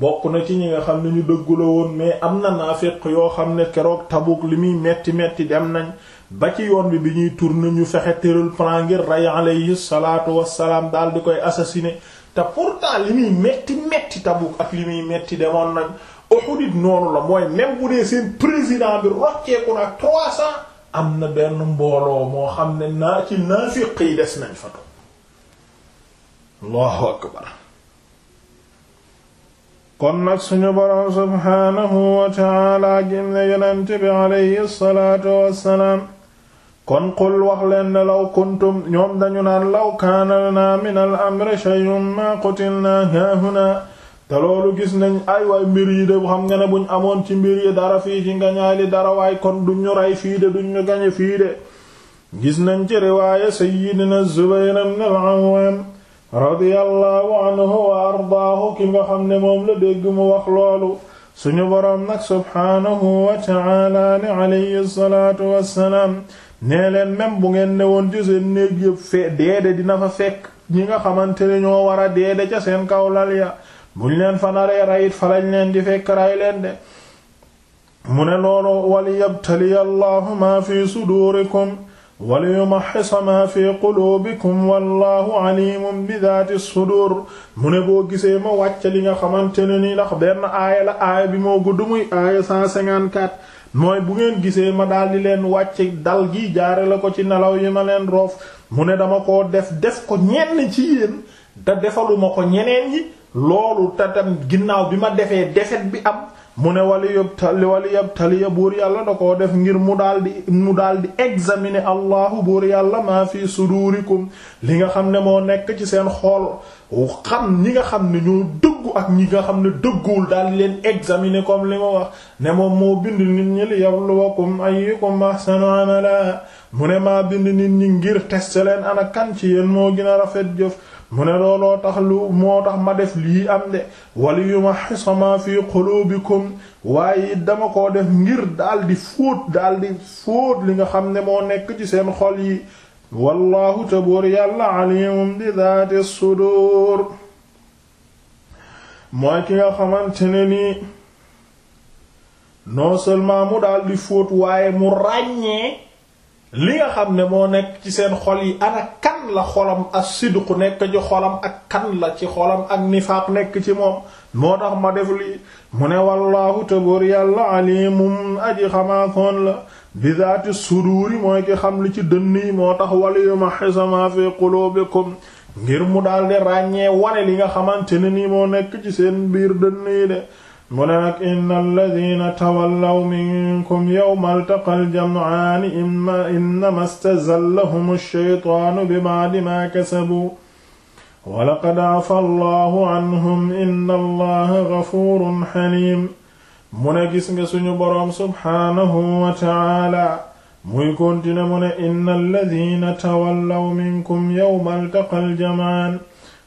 Speaker 1: bokk na ci ñi nga xam ne ñu dëggula woon mais am na naafiq yoo xam ne keroog Tabuk li muy metti metti dem nañ ba ci yoon bi bi ñuy tourner ñu fexe tëral plan ngir rey alayhi salaatu wassalaam daal di koy assassiner te pourtant li muy metti metti Tabuk ak li muy metti demoon nañ Uhud it noonu la mooy même bu dee seen président bi rocceeku na trois am na benn mbooloo moo xam ne naa ci naafiq yi des nañ fa toog Allahu akbar kon nag suñu boroom subhaanahu wa ta'ala gim bi alayhi wassalaam kon qul wax leen ne law kuntum ñoom dañu naan law kaana lana min al amri shay'un ma qutilna haahuna te loolu gis nañ ay waay mbir yi de xam nga ne buñ amoon ci mbir dara fii ci ngañaay li dara waay kon duñ ñu rey fii de duñ ñu gañe fii de gis nañ ci riwaaya sayyidina Zubayr ibn al-Awwam radiyallahu anhu wa ardaahu ki nga xam ne moom la dégg mu wax loolu suñu boroom nag subhaanahu wa ta'ala alayhi salaatu wassalaam nee leen même bu ngeen ne ci seen néeg yëpp deede dina fa fekk ñi nga xamante ne ñoo war a deede ca seen kaw ya buñ leen fa naree rayit fa leen di fekk ray leen de mu ne loolu wali yabtaliya allahu ma fi sudurikum wali yumaxisa ma fi qulubikum wallahu alimun bi daati sudur mu ne boo gisee ma wàcc li nga xamante ne ni ndax benn aaya la aaya bi moo gudd muy aaya 154 mooy bu ngeen gisee ma daldi leen wàcc dal gi jaare la ko ci nelaw yi ma leen roof mu ne dama ko def def ko ñenn ci yéen te defaluma ko ñeneen yi loolu te tam ginnaaw bi ma defee defet bi am mu ne wali yabtali wali yabtali ya buur yàlla da koo def ngir mu daal di mu daal di examiner allahu buur yàlla maa fi sudurikum li nga xam ne moo nekk ci seen xool xam ñi nga xam ne ñoo dëggu ak ñi nga xam ne dëgguwul daal leen examine comme li ma wax ne moom moo bind nit ñi li yabluwakum ayyukum ahsanu amala mu ne maa bind nit ñi ngir tester leen ana kan ci yéen moo gën a rafet jëf mu ne looloo tax lu moo tax ma def lii am de wala yu ma xisama fi qulubikum waaye it dama ko def ngir daal di fóot daal fóot li nga xam ne moo nekk ci seen xol yi wallahu tabuur yàlla alimum bi daati sudur mooy ki nga xamante ne nii non seulement mu daal di fóot waaye mu ràññee li nga xam ne moo nekk ci seen xol yi ana kan la xolam as-sidqu nekk ci xolam ak kan la ci xolam ak nifaaq nekk ci moom moo tax ma def lii mu ne wallaahu tabóor yàlla alimum aji xamaakoon la bi zaati suduuri mooy ki xam li ci dënn yi moo tax waliyumahhisa ma fi qulubikum ngir mu daal ràññee wane li nga xamante ni nii moo nekk ci seen biir dënn yi de mu ne nag inna alladina tawallaw minkum yawma altaqa aljamcaani imma innama stazallahum alsheytaanu bibaadi maa kasabu wa laqad afa allahu anhum inna allaha gafurun xaliim mu ne gis nga suñu boroom subxaanahu wa tacaala muy kontine mu ne inna alladina tawallaw minkum yawma altaqa aljamcaani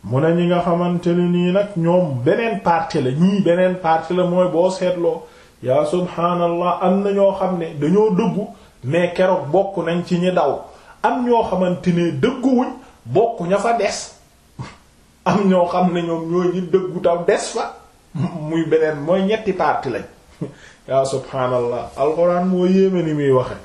Speaker 1: mu ne ñi nga xamante ne nii nag ñoom beneen parti la ñii beneen partie la mooy boo seetloo yaa subhaanallah am na ñoo xam ne dañoo dëggu mais keroog bokk nañ ci ñi daw am ñoo xamante ne dëgguwuñ bokk ña fa des <laughs> am ñoo xam ne ñoom ñoo ñi dëggu taw des fa muy beneen mooy ñetti partie lañ <laughs> yaa subhaanallah alxuraan moo yéeme ni muy waxe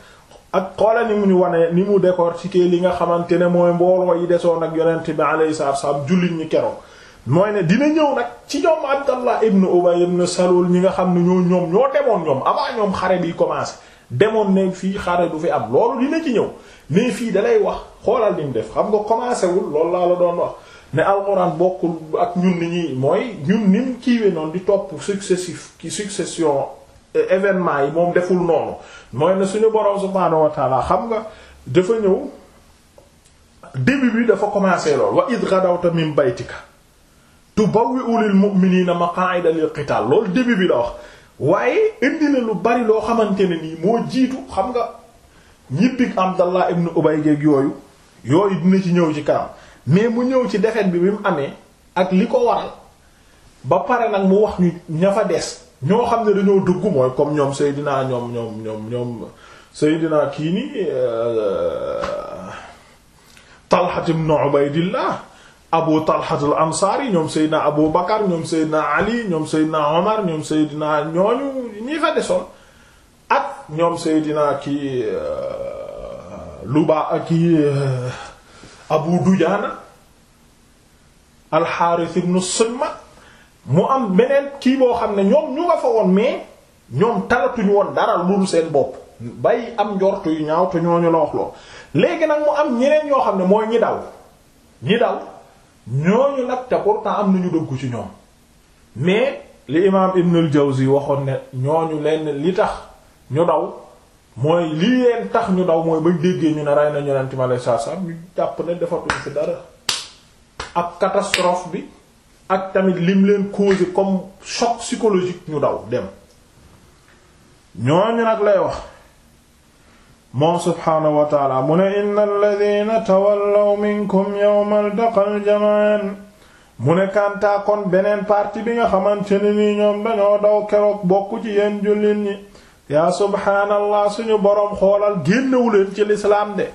Speaker 1: ak xoolal ni mu ñu wane ni mu décortiquer li nga xamante ne mooy mbooloo yi desoon ak yonent bi alayhi salaatu wassalaam jullit ñi keroog mooy ne dina ñëw nag ci ñoom Abdallah ibn Ubay ibn Salul ñi nga xam ne ñoo ñoom ñoo demoon ñoom avant ñoom xare bi commencé demoon ne fii xare du fi am loolu dina ci ñëw mais fii dalay wax xoolal li mu def xam nga commencé wul loolu laa la doon wax ne alxuraan bokkul ak ñun ni ñi mooy ñun ni kiiwe noonu di topp successif ki succession événement yi moom deful noonu mooy na suñu borom subhaanahu wa xam nga dafa ñëw début bi dafa commencé lool wa id ghadawta min baytika tubawwi'u lil mu'minina maqa'ida lil qital loolu début bi la wax waaye indi na lu bari loo xamante ne nii mu jiitu xam nga ñibbik Abdallah ibn Ubay geeg yooyu yooyu dina ci ñëw ci kanam mais mu ñëw ci defet bi bi mu amee ak li ko waral ba pare nag mu wax ñu ña fa des ñoo xam ne dañoo dëggu mooy comme ñoom Seydina ñoom ñoom ñoom ñoom Seydina kii nii euh, Talhat ibn Ubaydillah Abu Talhat al-Ansari ñoom Seydina Abu Bakar ñoom Seydina Ali ñoom Seydina Omar ñoom Seydina ñooñu ñi fa desoon ak ñoom Seydina kii euh, Luba ak kii euh, Abu Dujana al-Harith Simma mu am beneen kii boo xam ne ñoom ñu nga fa woon mais ñoom taratuñu woon dara ludul seen bopp bay am njortu yu ñaaw te ñooñu la wax lool léegi nag mu am ñeneen ñoo xam ne mooy ñi daw ñi daw ñu nag te pourtant am ñu dëggu ci ñoom mais li imaam Ibn al-Jawzi waxoon ne ñooñu leen li tax ñu daw mooy lii leen tax ñu daw mooy bañ déggee ñu ne rey nañu Yonent mi sallallahu alayhi wasallam ñu jàpp ne defatuñ fi dara ak catastrophe bi. ak tamit lim leen causé comme choc psychologique ñu daw dem ñooñu nag lay wax moom subhaanahu wa taala mu ne inna alladina tawallaw minkum yawma altaqal jamaan mu ne kàntaa kon beneen partie bi nga xamante ne nii ñoom dañoo daw keroog bokk ci yeen jullit ñi yaa subhaanallah suñu boroom xoolal génnewuleen ci lislaam de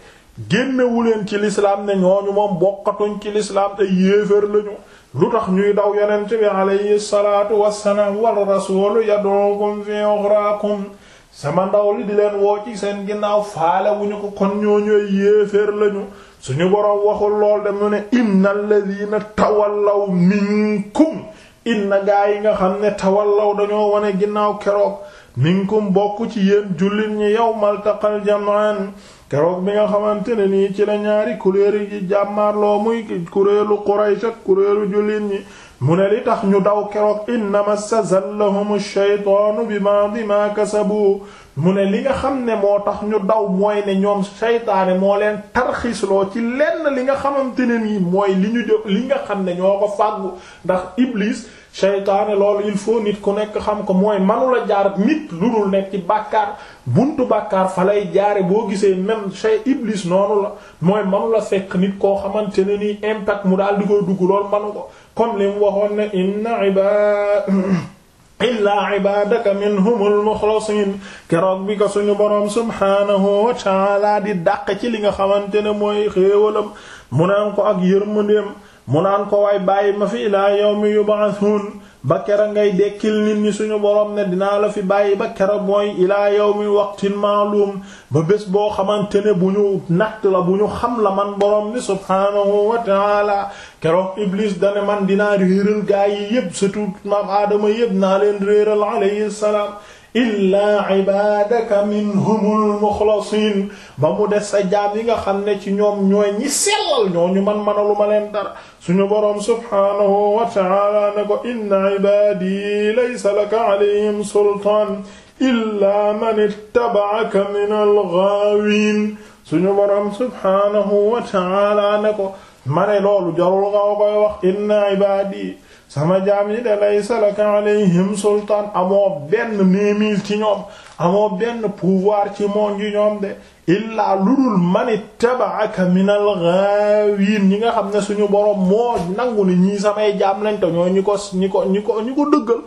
Speaker 1: leen ci lislaam ne ñooñu moom bokkatuñ ci lislaam ay yéeféer lañu lu tax ñuy daw yonent bi alayhi salaatu wassalaam wal rasuulu yad'ukum fi uxraakum sama ndaw li di leen woo ci seen ginnaaw faale wu ñu ko kon ñooñooy yéeféer lañu suñu boroom waxul lool de mu ne innal ladina tawallaw minkum inna gaa yi nga xam ne tawallaw dañoo wone ginnaaw keroog minkum bokk ci yéen jullit ñi yawmal taqal jam'an keroog bi nga xamante ne nii ci la ñaari kuréelu ji jàmmaarloo muy kuréelu Quraysh ak kuréelu jullit ñi mu ne li tax ñu daw keroog innama stazallahum ash-shaytaanu bi ba'di ma kasabu mu ne li nga xam ne moo tax ñu daw mooy ne ñoom seytaane moo leen tarxisloo ci lenn li nga xamante ne nii mooy li ñu jo li nga xam ne ñoo ko fàggu ndax Iblis seytaane loolu il faut nit ku nekk xam ko mooy manula jaar nit lu dul nekk ci bàkkaar buntu bàkkaar fa lay jaare boo gisee même chez Iblis noonu la mooy manula fekk nit koo xamante ne nii impact mu daal di koy dugg loolu manu ko comme li mu waxoon ne inna ibad <clears throat> illaa ibadaka minhumul mukhlasin keroog bi ko suñu boroom subhanahu wa ta'ala di dàq ci li nga xamante ne mooy xéewalam mu naan ko ak yërmandeem mu naan ko waay bàyyi ma fi ilaa yawmi yub'athun ba kera ngay dekkil nit ñi suñu borom ne dinaa la fi bàyyi ba kera mooy ilaa yawmi waqtin maalum ba bés boo xamante ne bu ñu natt la bu ñu xam la man borom bi subhaanahu wa taala keroog Iblis dane man dinaa réeral gaa yi yépp surtout maam aadama yépp naa leen réeral alayhi salaam illaa ibadaka minhumul muxlasiin ba mu des sa jaam yi nga xam ne ci ñoom ñooy ñi sellal ñooñu man mënalu ma leen dara suñu boroom subhaanahu wa ta'aala ne ko inna ibaadi laysa laka alayhim sultaan illaa man ittaba'aka minal ghaawiin suñu boroom subhaanahu wa ta'aala ne ko ma ne loolu jarul nga koy wax inna ibaadi sama jaam yi de laysa laka alayhim sultaan amoo benn néemiil ci ñoom amoo benn pouvoir ci moom ji ñoom de illaa ludul man ittaba'aka minal ghaawin ñi nga xam ne suñu borom moo nangu ne ñii samay jaam lañ te ñoo ñi ko ñi ko ñi ko ñi ko dëggal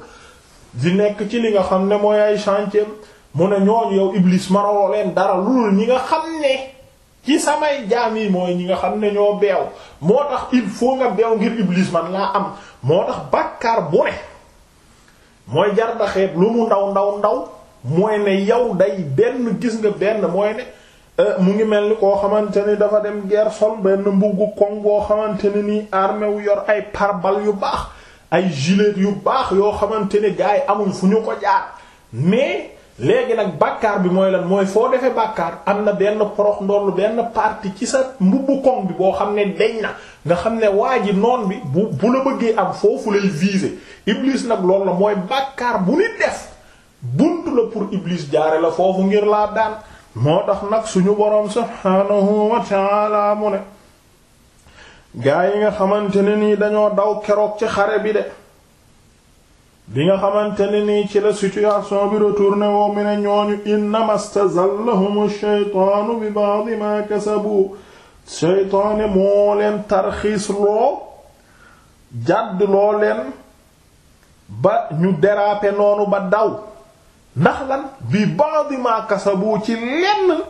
Speaker 1: di nekk ci li nga xam ne mooy ay chantier mu ne ñooñu yow iblis maroo leen dara ludul ñi nga xam ne ci samay jaam yi mooy ñi nga xam ne ñoo beew moo tax il faut nga beew ngir iblis man laa am moo tax bàkkaar bu ne mooy jar da lu mu ndaw ndaw ndaw mooy ne yow day benn gis nga benn mooy ne euh, mu ngi mel ni koo xamante ni dafa dem ger sol benn mbugg koŋ boo xamante ne nii armée wu yor ay parbal yu baax ay gilet yu baax yoo xamante ne gars yi amuñ fu ñu ko jaar mais léegi nag bàkkaar bi mooy lan mooy foo defee bàkkaar am na benn porox ndollu benn parti ci sa mbubbu koŋ bi boo xam ne deñ na nga xam ne waa ji noon bi bu bu la bëggee am foofu lay viser iblis nag lool na mooy bàkkaar bu nit def buntu la pour iblis jaare la foofu ngir laa daan moo tax nag suñu boroom sa wa ta'ala mu ne gaa yi nga xamante ne nii dañoo daw keroog ci xare bi de bi nga xamante ne nii ci la situation bi retourné woo mi ne ñooñu innama stazallahum shaytaanu bi ba'di kasabu shaytaane moo leen tarxiis loo jàdd loo leen ba ñu déraper noonu ba daw ndax lan bi ba'di kasabu ci lenn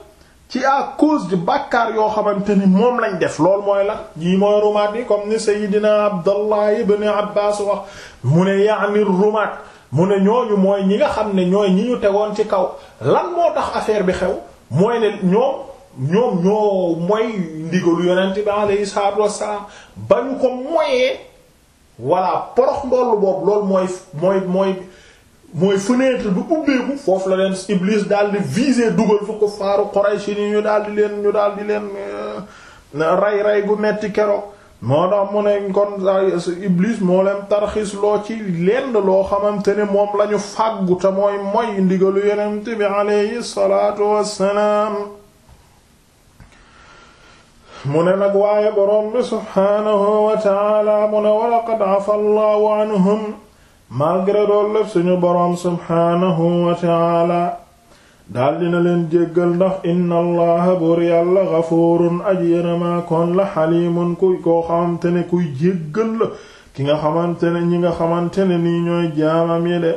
Speaker 1: ci à cause de bàkkaar yoo xamante ni moom lañ def lool mooy la jii mooy rumaat yi comme ni Seydina Abdallah ibn Abbas wax mu ne yaani rumaat mu ne ñooñu mooy ñi nga xam ne ñooy ñi ñu tegoon ci kaw lan moo tax affaire bi xew mooy ne ñoom ñoom ñoo mooy ndigalu yonent bi alayhi salaatu wassalaam ba ñu ko moyee walla porox ndoll boobu loolu mooy mooy mooy mooy fenêtre bi ubbeeku foofu la leen Iblis daal di viser dugal fa ko faaru Quraysh ñu daal di leen ñu daal di leen euh, rey rey gu metti kero moo tax mu ne kon moo leen tarxis loo ci lenn loo xamante ne moom la ñu fàggu te mooy mooy ndigalu yonent bi aleyhi salaatu wassalaam mu ne nag waaye borom bi subhaanahu wa mu ne wa laqad afa Allahu anhum malgré loolu lépp suñu boroom subhaanahu wa ta'ala daldi na leen jéggal ndax inna allaha buur yàlla gafuurun aji yaramakon la xaliimun ku koo xamante ne kuy jéggal la ki nga xamante ne ñi nga xamante ne nii ñooy jaamam yi de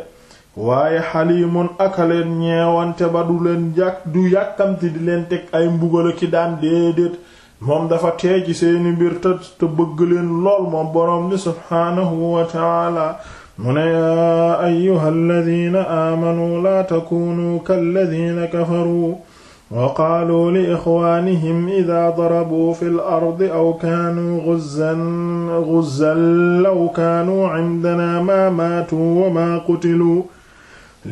Speaker 1: waaye xaliimun akaleen ñeewante ba du leen yàq du yàkkamti di leen teg ay mbugala ki daan déedéet moom dafa tee ci seeni mbir te te bëgg leen lool moom boroom ni subhaanahu wa ta'ala mu ne yaa ayyuha alladina aamanuu laa takunuu kalladina kafaruu wa qaaluu li ixwaanihim ida darabuu fi l ardi aw kaanuu guzzan guzzan law kaanuu cindanaa maa maatuu wa maa qutiluu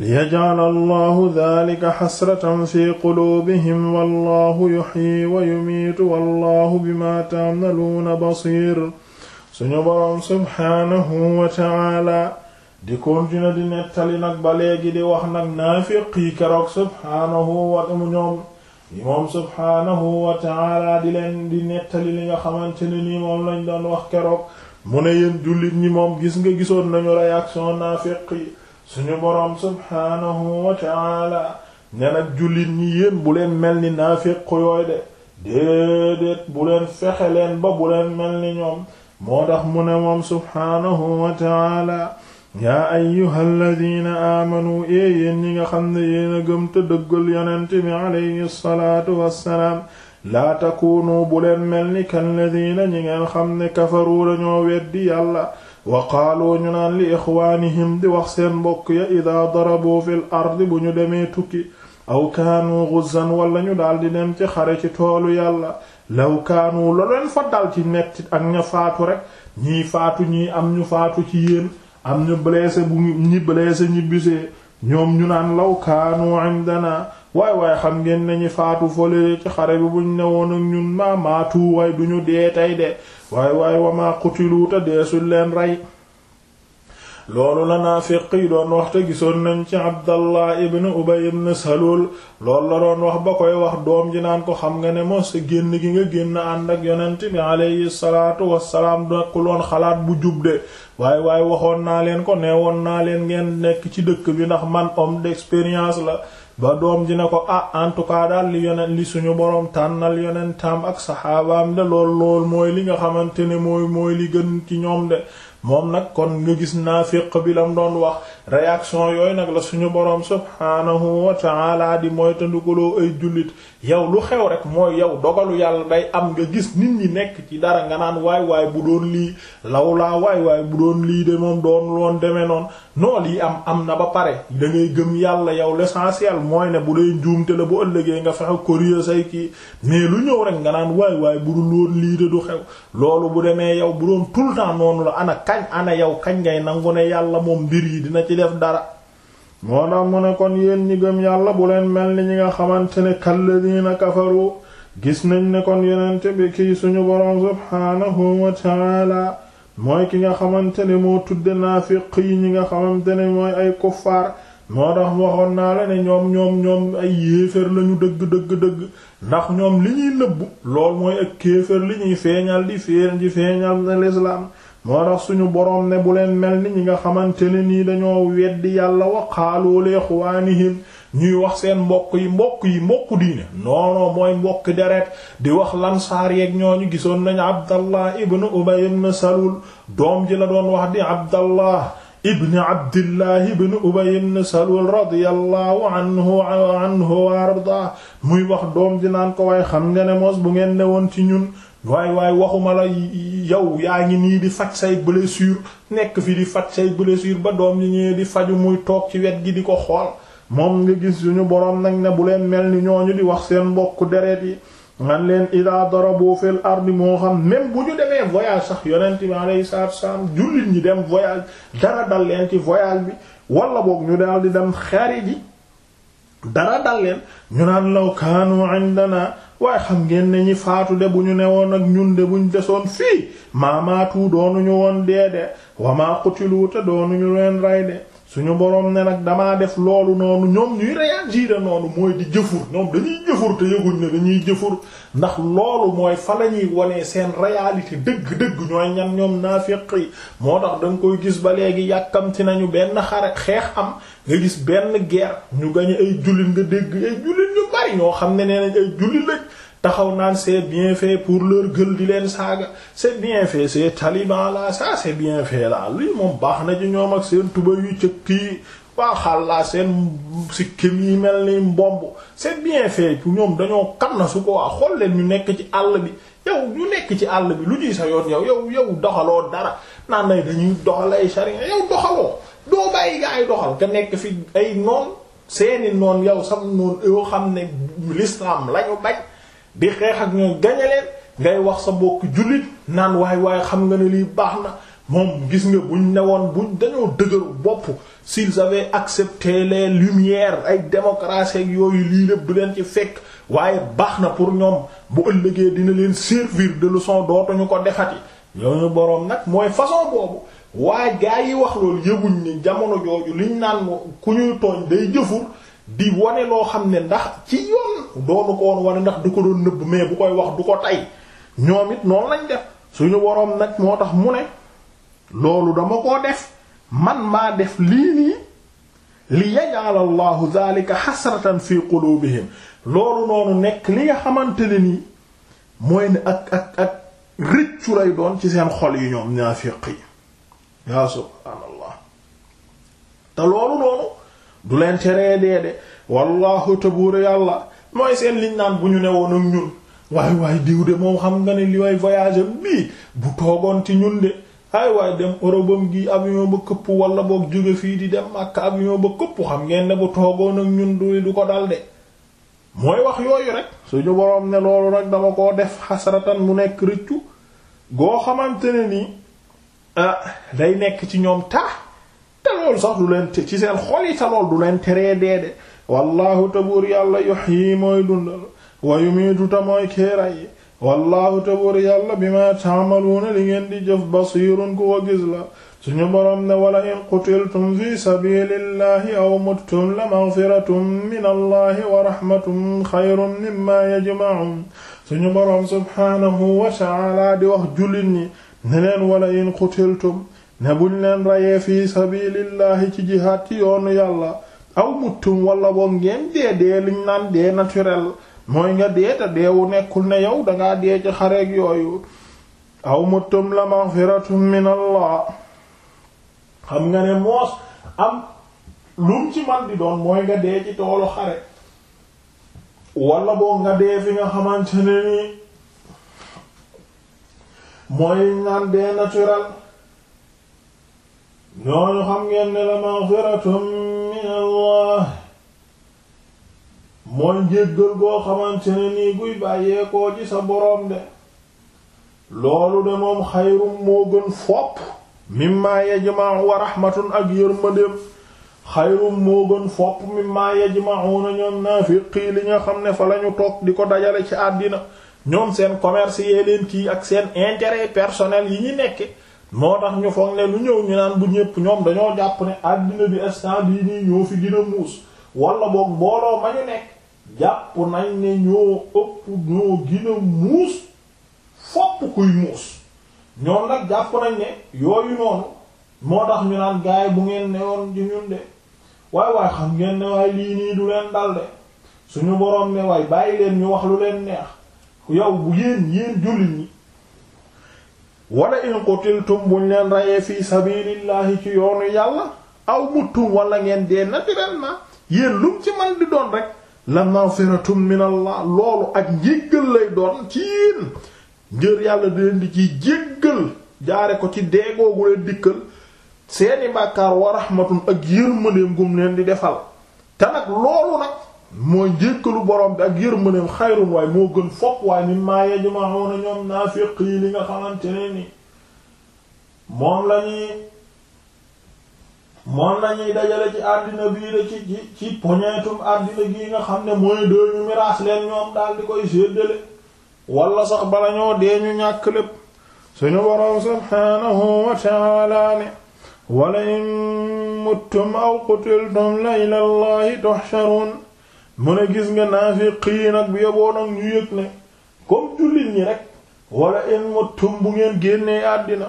Speaker 1: liyajcal allahu dalika xasratan fi quluubihim wallahu yuxyi wa yumiitu wallahu bimaa tacmaluuna basiir suñu boroom subhaanahu wa di continuer di nettali nag ba léegi di wax nag naafiq yi keroog subhaanahu wa mu ñoom yi moom subhaanahu wa di leen di nettali li nga xamante ne nii moom lañ doon wax keroog mu ne yéen jullit ñi moom gis nga gisoon nañu réaction naafiq yi suñu boroom subhaanahu wa ne nag jullit ñi yéen bu leen mel ni naafiq yooy de déedéet bu leen fexe leen ba bu leen mel ni ñoom moo tax mu ne moom subhaanahu wa taala yaa ayyuhal ladina aamanu ee yéen ñi nga xam ne yéen a gëm te dëggal yonent bi alayhi salaatu wassalaam laa takuunu bu leen mel ni kalladina ñi ngeen xam ne kafaru dañoo weddi yàlla wa qaalu ñu naan li ixwaanihim di wax seen mbokk ya idaa darabu fil ardi bu ñu demee tukki aw kaanu ghuzzan wala ñu daldi dem ci xare ci toolu yàlla law kaanu la fa dal ci mettit ak ña faatu rek ñii faatu ñii am ñu faatu ci yéen am ñu blessé bu ñi blessé ñi ñoom ñu naan law kaanu waay xam ngeen nañu faatu fole ci xare bi buñ newoon ak ñun ma maatu waay duñu dee tey de waay waay wa ma qutilu ta deesul leen rey loolu la naafiq yi doon wax te gisoon nañ ci Abdallah ibn Ubay ibn Salul loolu la doon wax ba koy wax doom ji naan ko xam nga ne mos sa génn gi nga génn ànd ak yonent bi alayhi salaatu wassalaam loon xalaat bu jub de waaye waaye waxoon naa leen ko nee woon naa leen ngeen nekk ci dëkk bi ndax man homme d'expérience la ba doom ji ne ko ah en tout cas li yonent li suñu boroom tànnal yonentam ak saxaabaam de lool lool mooy li nga xamante ne mo mooy li gën ci ñoom de moom nag kon nga gis naafiq bi lam doon wax réaction yooyu nag la suñu boroom subhaanahu wa ta'ala di mooy tandukaloo ay jullit yow lu xew rek mooy yow dogalu yàlla day am nga gis nit ñi nekk ci dara nga naan waay waay bu doon lii lawlaa waay waay bu doon lii de moom doon loon demee noonu nool yi am am na ba pare da ngay gëm yàlla yow l'essentiel mooy ne bu dee njuumte la bu ëllëgee nga fexe koriya say kii mais lu ñëw rek nga naan waay waay bu dul woon lii du xew loolu bu demee yow bu doon tout le temps noonu la ana kañ ana yow kañ ngay nangu ne yàlla moom mbir yi dina ci ci def dara moo tax mu ne kon yéen yàlla bu leen mel ni ñi nga xamante ne kalladiina kafaru gis nañ ne kon yonent bi kii suñu boroom subhaanahu wa taala mooy ki nga xamante ne moo tudde naafiq yi ñi nga xamante ne mooy ay kuffaar moo tax waxoon naa la ne ñoom ñoom ñoom ay yéeféer lañu dëgg dëgg dëgg ndax ñoom li ñuy nëbbu lool mooy ak kéeféer li ñuy feeñal di feeñ di feeñal na lislaam moo tax suñu boroom ne bu leen mel ni ñi nga xamante ne nii dañoo weddi yàlla wa qaalu li ñuy wax seen mbokk yi mbokk yi mbokk diine non mooy mbokk deret di wax lansaar yeeg ñu gisoon nañu abdallah ibn ubay ibn salul doom ji la doon wax di abdallah ibn abdillah ibn ubay ibn salul radiyallahu anhu anhu wa arda muy wax doom ji naan ko waaye xam nga ne mos bu ngeen newoon ci ñun waay waaye waxuma la yow yaa ngi nii di faj say blessure nekk fi di faj say blessure ba doom yi ñëwee di faju muy toog ci wet gi di ko xool moom nga gis suñu boroom nag ne bu leen mel ni ñoo ñu di wax seen mbokk deret yi man leen ida darabu fil ardi moo xam même bu ñu demee voyage sax yonent bi alayhi salaatu wassalaam jullit ñi dem voyage dara dal leen ci voyage bi wala boog ñu daal di dem xare yi dara dal leen ñu naan law kaanu indana waaye xam ngeen ne ñi faatu de bu ñu ne woon ak ñun de buñ desoon fii maamaatu doonuñu woon dee de wamaa qutilu te ñu leen rey de suñu boroom ne nag dama def loolu noonu ñoom ñuy réagir noonu mooy di jëfur ñoom dañuy jëfur te yëguñ ne dañuy jëfur ndax loolu mooy fa la ñuy wonee seen réalité dëgg-dëgg ñooy ñan ñoom naafiq yi moo tax da koy gis ba léegi yàkkamti nañu benn xare xeex am nga gis benn guerre ñu gañe ay jullit nga dégg ay jullit ñu bari ñoo xam ne nee nañ ay jullit lañ taxaw naan c'est bien fait pour leur gueule di leen saaga c'est bien fait c'est taliban là ça c'est bien fait là lii moom baax na ci ñoom ak seen tuba yu cëkk yi waaxal laa seen sikkim yi mel ni mbomb c'est bien fait pour ñoom dañoo kam na su ko waa xool leen ñu nekk ci àll bi yow ñu nekk ci àll bi lu ñuy sa yoon yow yow yow doxaloo dara naan nay dañuy doxal ay charia yow doxaloo doo bàyyi gaa yi doxal nga nekk fi ay noon seeni noon yow sam noon yoo xam ne l'islam lañu bañ di xeex ak ñoo gañaleen ngay wax sa bokk jullit naan waay waaye xam nga ne lii baax na moom gis nga buñ ne newoon buñ dañoo dëgëru bopp s'ils avaient accepté les lumières ay démocratie ak yooyu lii lépp du leen ci fekk waaye baax na pour ñoom bu ëllëgee dina leen servir de leçon dootuñu ko defati ñooñu boroom nag mooy façon boobu waaye gaa yi wax loolu yëguñ ni jamono jooju liñ naan ku ñuy tooñ day jëfur di wane loo xam ne ndax ci yoon doonu ko woon wane ndax du ko doon nëbb mais bu koy wax du ko tey ñoom it noonu lañ def suñu boroom nag moo tax mu ne loolu dama koo def man maa def lii nii li yaj'al allahu dhalika xasratan fi qulubihim loolu noonu nekk li nga xamante ne nii mooy ne ak ak ak rëccu lay doon ci seen xol yi ñoom naafiq yi yaa subhaanallah te loolu noonu du leen teree dee de wallahu tabuur yàlla mooy seen liñ naan bu ñu ne woon ñun waaye waaye diw moom xam nga ne li way voyage bii bu toogoon ci ñun de ay waaye dem orobam gi avion ba këpp wala boog jóge fii di dem ak ab avion ba këpp xam ngeen ne bu toogoon ak ñun du du ko dal de mooy wax yooyu rek suñu boroom ne loolu rek dama koo def xasratan mu nekk rëccu goo xamante ne ni ah, day nekk ci ñoom ta te loolu sax du leen ci seen xol yi te loolu du leen teree dee de wallaahu tabuur yàlla yuhyi mooy dundal wa yumiitu te mooy keeraay wallaahu tabor yàlla bi ma taamaluuna li ngeen di jëf basiirun ku ko gis la suñu boroom ne wala in qutiltum fi sabilillahi aw muttum la magfiratum min allahi wa rahmatum xayrun mimma yajmaun suñu boroom subhaanahu wa taala di wax jullit ñi ne leen wala in qutiltum ne buñ leen rayee fi sabilillahi ci jihaad ci yoonu yàlla aw muttum wala boo ngeen dee dee liñ naan mooy nga dee te deewu nekkul na yow dangaa dee ci xareeg yooyu aw muttum la maghfiratun xam nga ne moos am lum ci man di doon mooy nga dee ci toolu xare wala boo nga dee fi nga xamante ne nii mooy naan dee naturel ñooñu xam ngeen ne la maghfiratun mooy njéggal goo xamante ne nii guy bàyyeekoo ci sa boroom de loolu de moom xayrum moo gën fopp mimma yajma'u wa rahmatun ak yërmandeem xayrum moo gën fopp mimma yajma'una li nga xam ne fa lañu toog di ko dajale ci àddina ñoom seen commerce yee leen kii ak seen intérêt personnel yi ñu nekke moo tax ñu foog ne lu ñëw ñu naan bu ñépp ñoom dañoo jàpp ne àddina bi instant bii nii ñoo fi gën muus wala boog mbooloo ma ñu nekk jàpp nañ ne ñoo ëpp ñoo gën muus fopp kuy muus ñoom nag jàpp nañ ne yooyu noonu moo tax ñu naan gaay bu ngeen newoon ci ñun de waay waay xam ngeen ne lii nii du leen dal suñu boroom ne bàyyi leen ñu wax lu leen neex yow bu yéen yéen jullit ñi wala in qutiltum buñ leen rayee fi sabilillahi ci yoonu yàlla aw muttum wala ngeen dee naturellement yéen lum ci man di doon rek la maghfiratun min Allah loolu ak njéggal lay doon ci yéen yàlla di leen di ci jéggal jaare ko ci deegoogu leen dikkal seeni bàkkaar wa rahmatun ak yërmandeem gum leen di defal te nag loolu nag mooy njéggalu borom bi ak yërmandeem xayrun waaye moo gën fopp waaye nit maa yejuma xaw na ñoom naafiq yi li nga xamante ne moom lañuy moom lañuy dajale ci àddina bii de ci poñeetum àddina gii nga xam ne mooy dee ñu miraas leen ñoom daal di koy séddale wala sax bala ñoo dee ñu ñàkk lépp suñu boroom subhaanahu wa ta'ala ne wala in muttum aw qutiltum la ila allahi mu ne gis nga naafiqi nag bi yoboo nag ñu yëg ne comme ñi rek wala in muttum bu ngeen àddina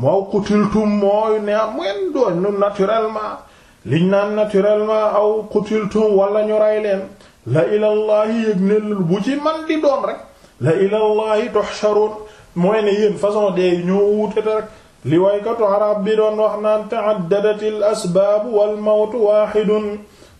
Speaker 1: moo xutiltum mooy ne ngeen doon nu naturellement liñ naan naturellement aw xutiltum wala ñu rey leen la ilallahi yëg ne bu ci man di doon rek la ilallahi mo mooy ne yéen façon de ñoo wuute rek li waykatu arab bi doon wax naan ta'addadatil asbaabu wal mawtu waahidun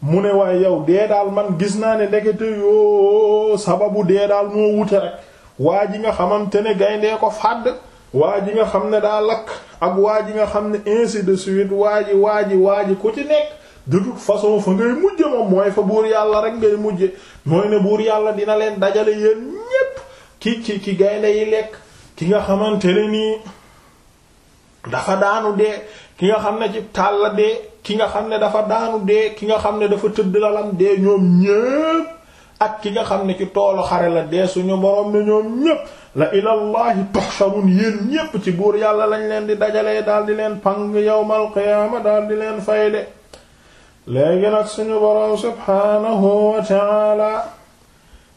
Speaker 1: mu ne waaye yow dee daal man gis naa ne ndekete yoo sababu dee daal moo wute rek waa ji nga xamante ne gayndee ko fàdd waa ji nga xam ne daa lakk ak waa ji nga xam ne ainsi de suite waa ji waa ji waa ji ku ci nekk de façon fa ngay mujje moom mooy fa buur yàlla rek ngay mujje mooy ne buur yàlla dina leen dajale yéen ñépp ki ki ki gaynde yi lekk ki nga xamante ne nii dafa daanu dee ki nga xam ne ci taal la dee ki nga xam ne dafa daanu dee ki nga xam ne dafa tëdd lalam dee ñoom ñépp ak ki nga xam ne ci toolu xare la dee suñu borom ne ñoom ñépp la ilallahi tuhsharun yéen ñépp ci buur yàlla lañ leen di dajalee daal di leen pang yawmal qiyaama daal di leen fay de léegi nag suñu borom subhaanahu wa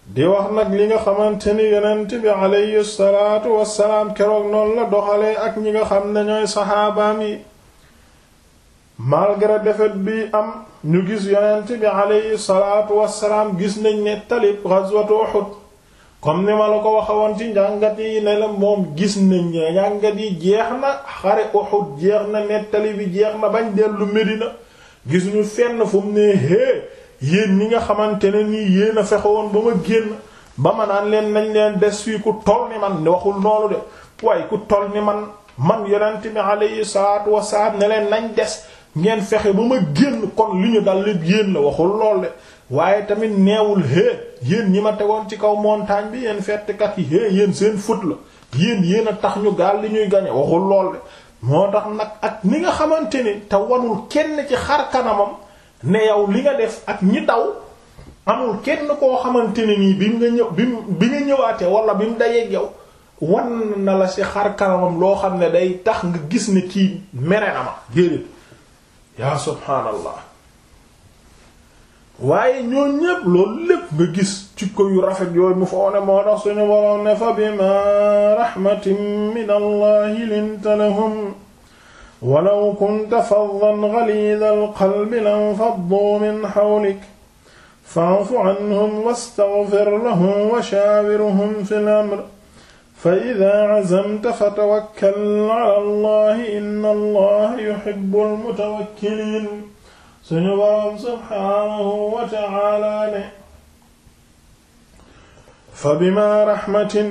Speaker 1: di wax nag li nga xamante ni yonent bi alayhi salaatu wassalaam keroog noonu la doxalee ak ñi nga xam ne ñooy saxaabaam yi malgré défaite bi am ñu gis yonent bi aleyhi salaatu gis nañ ne talib ghazwatu Uhud comme ni ma la ko waxa woon ci njàngat yi ne la moom gis nañ ne njàngat yi jeex na xare Uhud jeex na nettali bi jeex na bañ dellu Medina gis ñu fenn fu mu ne yéen ñi nga xamante ne nii yéen a fexe woon ba ma génn ba ma naan leen nañ leen des fii ku toll ni man waxul noonu de waaye ku tol ni man man yonent bi aleyhi salaatu wassalaam ne leen nañ des ngeen fexe ba ma génn kon li ñu dal lépp yéen la waxul lool de waaye tamit neewul hee yéen ñi ma tegoon ci kaw montagne bi yéen fettkat yi hee yéen seen fut la yéen yéen a tax ñu gaal li ñuy gañe waxul lool de moo tax nag ak ni nga xamante ni te wanul kenn ci xar kanamam ne yow li nga def ak ñi daw amul kenn koo xamante ne nii bi nga ñëw bi bi nga ñëwaatee wala bi mu dajeeg yow wan na la ci xar kanamam loo xam ne day tax nga gis ne kii mere na ma déedéet yaa subhaanallah waaye ñoo ñépp loolu lépp nga gis ci ko yu rafet yooyu mu foone moo tax suñu boroom ne fa bima raxmatin min allahi linta lahum walaw kunta faddan galiida alqalbi lan fadduu min xawlik fa'fu anhum wastaghfir lahum wa shaawirhum fil amr fa idaa azamta fa tawakkal ala allahi inna allaha yuhibbul mutawakkiliin suñu boroom subhaanahu wa ta'aala ne fa bimaa raxmatin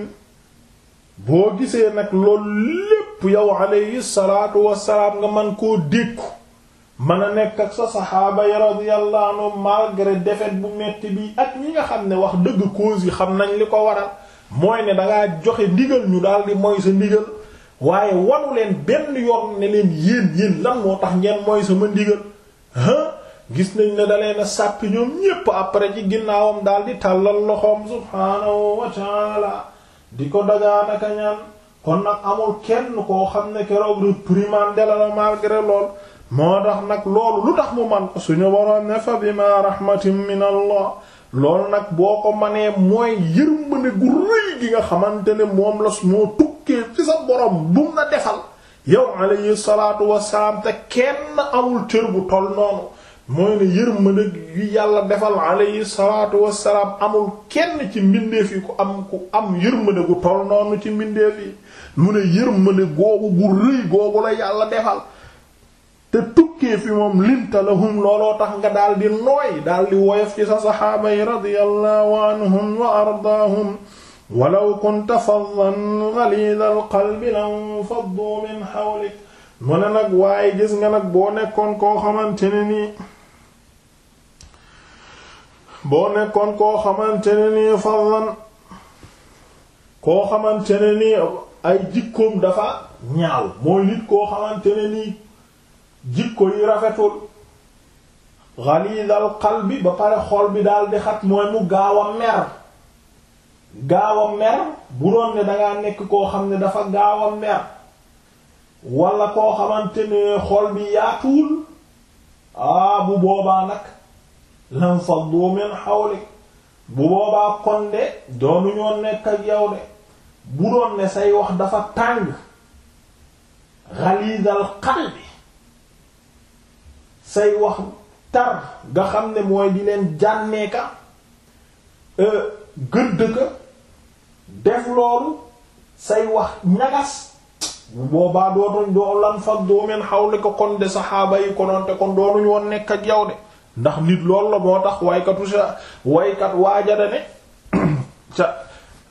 Speaker 1: boo gisee nag loolu lépp yow alayhi salaatu wasalaam nga man koo dékku mën a nekk ak sa saxaaba ya radiyallahu anhum malgré défaite bu metti bi ak ñi nga xam ne wax dëgg cause yi xam nañ li ko waral mooy ne dangaa joxe ndigal ñu daal di mooy sa ndigal waaye wanu leen benn yoon ne leen yéen yéen lan moo tax ngeen mooy sama ndigal ah gis nañ ne da leen a sàppi ñoom ñépp après ci ginnaawam daal di tàllal loxoom subhaanahu wa taala di ko dagaan ak ñaan kon nag amul kenn koo xam ne keroog réprimandé la la malgré lool moo tax nag loolu lu tax mu man ko suñu waroon ne fa bima rahmatin min allah lool nag boo ko manee mooy yërmande gu rëy gi nga xamante ne moom la moo tukkee ci sa borom bu mu na defal yow alayhi salaatu wassalaam te kenn amul cër bu toll noonu mooy ne yërmande gi yàlla defal alayhi salaatu wassalaam amul kenn ci mbindeef yi ku am ku am yërmande gu toll noonu ci mbindeef yi mu ne yërmande googu gu rëy googu la yàlla defal te tukkee fi moom linta lahum looloo tax nga daal di nooy daal di woyof ci sa saxaaba radiyallahu anhum wa ardaahum walaw kunta faddan ghaliidal qalbi lanfaddu min hawlik mu ne nag waaye gis nga nag boo nekkoon koo xamante ne nii boo nekkoon koo xamante ne nii faddan koo xamante ne nii ay jikkoom dafa ñaaw mooy nit koo xamante ne nii jikko yi rafetul ghalidal qalbi ba pare xool bi daal di xat mooy mu gaaw a mer gaaw a mer bu doon ne dangaa nekk koo xam ne dafa gaaw a mer wala koo xamante xool bi yaatuwul ah bu boobaa nag lan faddu min hawlik bu boobaa kon de doonu ñoo nekk ak yow de bu doon ne say wax dafa tàng ghalidal qalbi say wax tar nga xam ne mooy di leen jànnee ka euh, gëdd def loolu say wax ñagas boobaa dootuñ doo lan fag doo men xawli ko kon de saxaaba yi konoon te kon doonuñ woon nekk ak yow de ndax nit loolu la moo tax waykatu sa waykat waaja da ne <coughs> ca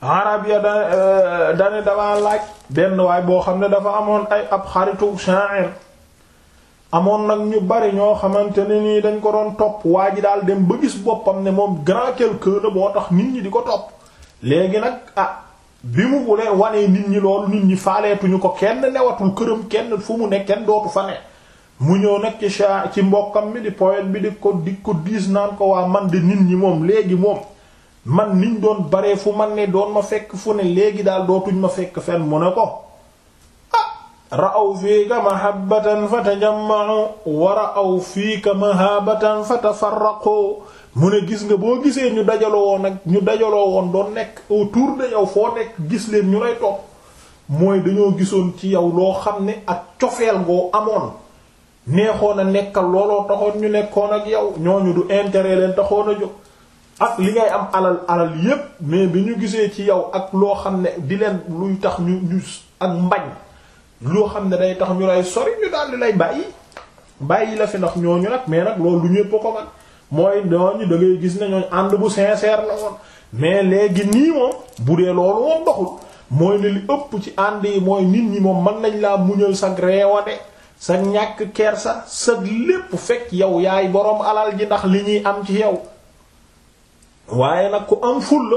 Speaker 1: arab ya da euh, dane damaa laaj benn waay boo xam ne dafa amoon ay ab xaritu sha'ir amoon nag ñu bari ñoo xamante ne nii dañ ko doon topp waa ji daal dem ba gis boppam ne moom grand quelqu'un la boo tax nit ñi di ko topp léegi nag ah bi mu bu wanee nit ñi loolu nit ñi faaleetuñu ko kenn newatul këram kenn fu mu ne kenn dootu fa ne mu ñëw nag ci cha ci mbokkam mi di poète bi di ko di ko diis naan ko waa man de nit ñi moom léegi moom man niñ doon baree fu man ne doon ma fekk fu ne léegi daal dootuñ ma fekk fenn mu ne ko ra'aw fiika mahabbatan fatajamma'u wa ra'aw fiika mahabatan fatafarraqu mu ne gis nga boo gisee ñu dajaloo woon ak ñu dajaloo woon doon nekk autour de yow foo nekk gis leen ñu lay topp mooy dañoo gisoon ci yow loo xam ne ak cofeel ngoo amoon neexoon a nekkal looloo taxoon ñu nekkoon ak yow ñooñu du intérêt leen taxoon a jóg ak li ngay am alal alal yépp mais bi ñu gisee ci yow ak loo xam ne di leen luy tax ñu ñu ak mbañ loo xam ne day tax ñu lay daal di lay bàyyi bàyyi la fi ndax ñooñu nag mais nag loolu du ñëpp ko man mooy ñooñu da ngay gis ne ñooñu ànd bu sincère la woon mais léegi nii moom bu dee loolu moom doxul mooy ne li ëpp ci ànd yi mooy nit ñi moom mën nañ laa muñal sag reewade sa ñàkk kersa sa lépp fekk yow yaay boroom alal ji ndax li ñuy am ci yow waaye nag ku am fulla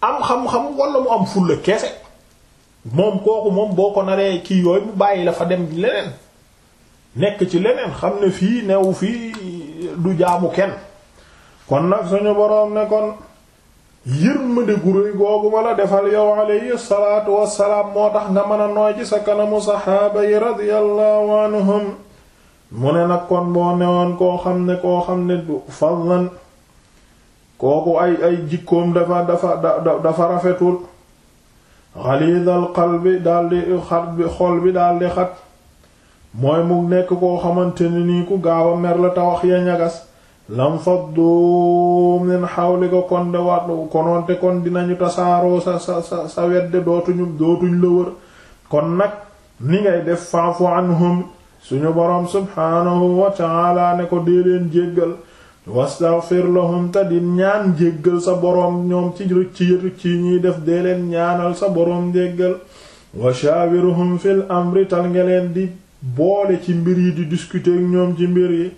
Speaker 1: am xam-xam wala mu am fulla kese moom kooku moom boo ko naree kii yooyu mu bàyyi la fa dem leneen nekk ci leneen xam ne fii newu fii du jaamu kenn kon nag suñu boroom ne kon yërmande gu rëy googu ma la defal yow alayhi salaatu salaam moo tax nga mën a nooy ci sa kanamu saxaaba yi radiyallahu anhum mu ne nag kon boo newoon koo xam ne koo xam ne du fadlan kooku ay ay jikkoom dafa dafa dafa rafetul xaliidal qalbi daldi xat bi xol bi daldi xat mooy mu nekk koo xamante ne nii ku gaaw a mer la tawax ya ñagas lam faddu min xawlika kon de waat konoonte kon dinañu tasaaroo sa sa sa sa wedde dootuñu la wër kon nag ni ngay def faafu anhum suñu boroom subhaanahu wa laa ne ko dee leen jéggal wastaghfir lahum te di ñaan jéggal sa boroom ñoom ci rëcc yi rëcc ñuy def dee leen ñaanal sa boroom jéggal wa shawirhum fil amri nga leen di boole ci mbir yi di discuter ñoom ci mbir yi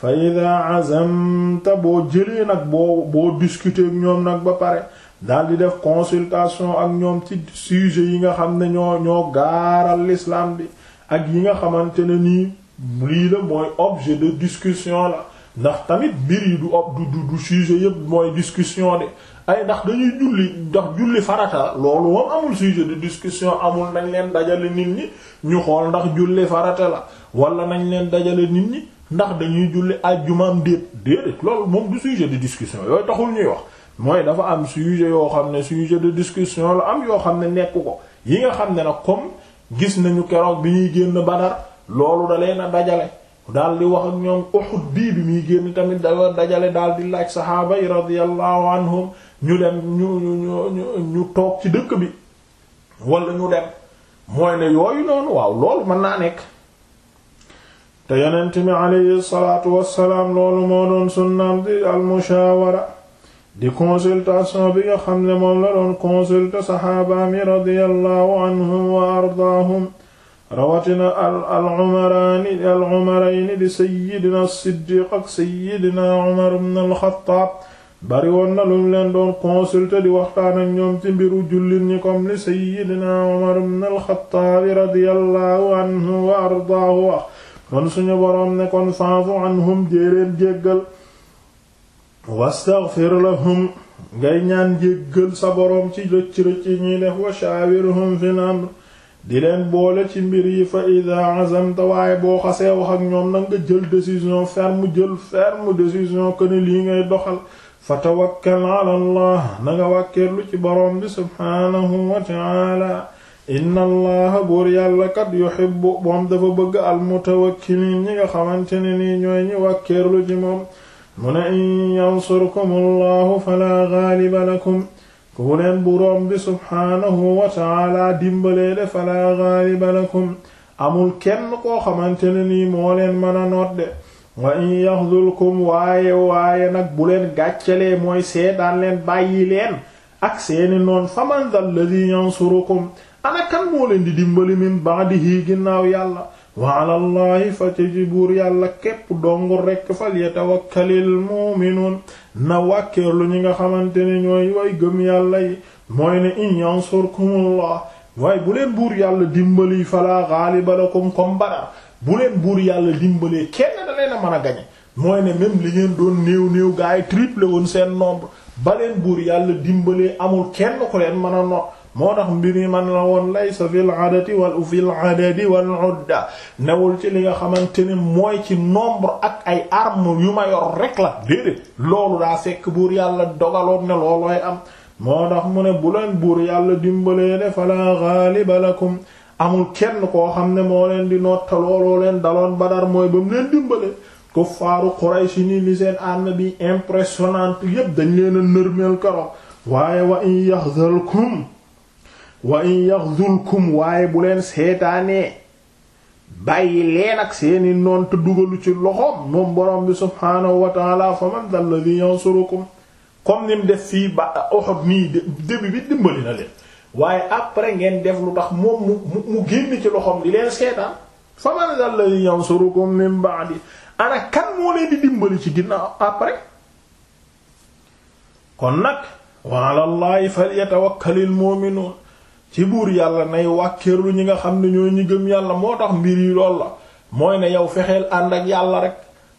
Speaker 1: fa ida azamta boo jëlee nag boo boo ñoom nag ba pare daal di def consultation ak ñoom ci sujet yi nga xam ne ñoo ñoo gaaral lislaam bi ak yi nga xamante ne nii lii la mooy objet de discussion la ndax tamit mbir yi du ob du du du sujet yëpp mooy discussion de ay ndax dañuy julli ndax julli farata loolu moom amul sujet de discussion amul nañ leen dajale nit ñi xool ndax julli farata la wala nañ leen dajale nit ñi ndax dañuy julli àjjumaam déet déedéet loolu moom du sujet de discussion yooyu taxul ñuy wax mooy dafa am sujet yoo xam ne sujet de discussion la am yoo xam ne nekk ko yi nga xam ne nag comme gis nañu keroog bi ñuy génn Badar loolu da leen a dajale daal di wax ak ñoom Uhud bii bi muy génn tamit dajale daal di laaj saxaaba yi radiyallahu anhum ñu dem ñu ñu ñu ñu toog ci dëkk bi wala ñu dem mooy ne yooyu noonu waaw loolu mën naa nekk te yonent mi alayhi salaatu wassalaam loolu moo doon sunnaam di di consultation bi nga xam ne moom la doon consulter saxaabaam yi radiyallahu wa ardaahum rawatina al-umarayni al-umarayni di sayyidina Siddiq ak sayyidina Umar ibn al-Khattab bari woon na lu mu leen doon consulter di waxtaan ak ñoom ci mbiru jullit ñi comme li sayyidina Umar ibn al-Khattab radiyallahu anhu wa ardaahu wa kon suñu boroom ne kon faafu anhum jéereen jéggal wastaghfir lahum ngay ñaan jéggal sa boroom ci rëcc rëcc ñi def wa shaawirhum fil amr di leen boole ci mbir yi fa ida azamta waaye boo xasee wax ñoom na jël décision ferme jël ferme décision que ni lii ngay doxal fa tawakkal ala allah na nga wàkkeerlu ci boroom bi subhaanahu wa taala inna allaha buur yàlla kat yuhibbu moom dafa bëgg almutawakkiliin ñi nga xamante ne nii ñooy ñi wàkkeerlu ci moom mu ne in yansurkum allahu fala gaaliba lakum ku leen boroom bi subhaanahu wa taala dimbalee de falaa gaaliba amul kenn koo xamante ne nii moo leen mën a noot de wa in yaxdulkum waaye waaye nag bu leen gàccalee mooy seetaan leen bàyyi leen ak seeni noon faman dal ladhi yansurukum ana kan moo leen di dimbali min ba'dihi ginnaaw yàlla wa ala llahi fa ca ci buur yàlla képp dong rekk fal yatawakkalil mu'minun na wàkkeerlu ñi nga xamante ni ñooy way gëm yàlla yi mooy ne in yansurkumullah waaye bu leen buur yàlla dimbali fala ghaliba lakum comme bara bu leen buur yàlla dimbalee kenn da mën a gañe mooy ne même li ngeen doon néew néew gaa yi seen nombre ba leen buur yàlla dimbalee amul kenn ko leen mën a not moo tax mbir yi man la woon laysa fil adati wal fil adadi wal udda newul ci li nga xamante ne mooy ci nombre ak ay armes yu ma yor rek la déedéet loolu daa fekk buur yàlla dogaloon ne loolooy am moo tax mu ne bu leen buur yàlla dimbalee ne fala ghaliba lakum amul kenn koo xam ne moo leen di noot looloo leen daloon Badar mooy ba mu leen dimbale kuffaaru Quraysh ni ni seen arme bi impressionnante yépp dañ leen a nërmeel karo waaye wa in yaxzalkum wa in yaxzulkum waaye bu leen seetaanee bàyyi leen ak seeni noon te dugalu ci loxoom moom borom bi subhaanahu wa taala fa man dal ladhi yansurukum comme nim def fii ba Uhud nii début bi dimbali na leen waaye après ngeen def lu tax moom mu génn ci loxoom di leen seetaan fa man dal ladhi yansurukum min ba'di ana kan moo leen di dimbali ci ginnaaw après kon nag wa ala llahi falyatawakkalil mu'minun ci buur yàlla nay wàkkeerlu ñi nga xam ne ñoo ñi gëm yàlla moo tax mbir yi lool la mooy ne yow fexeel ànd ak yàlla rek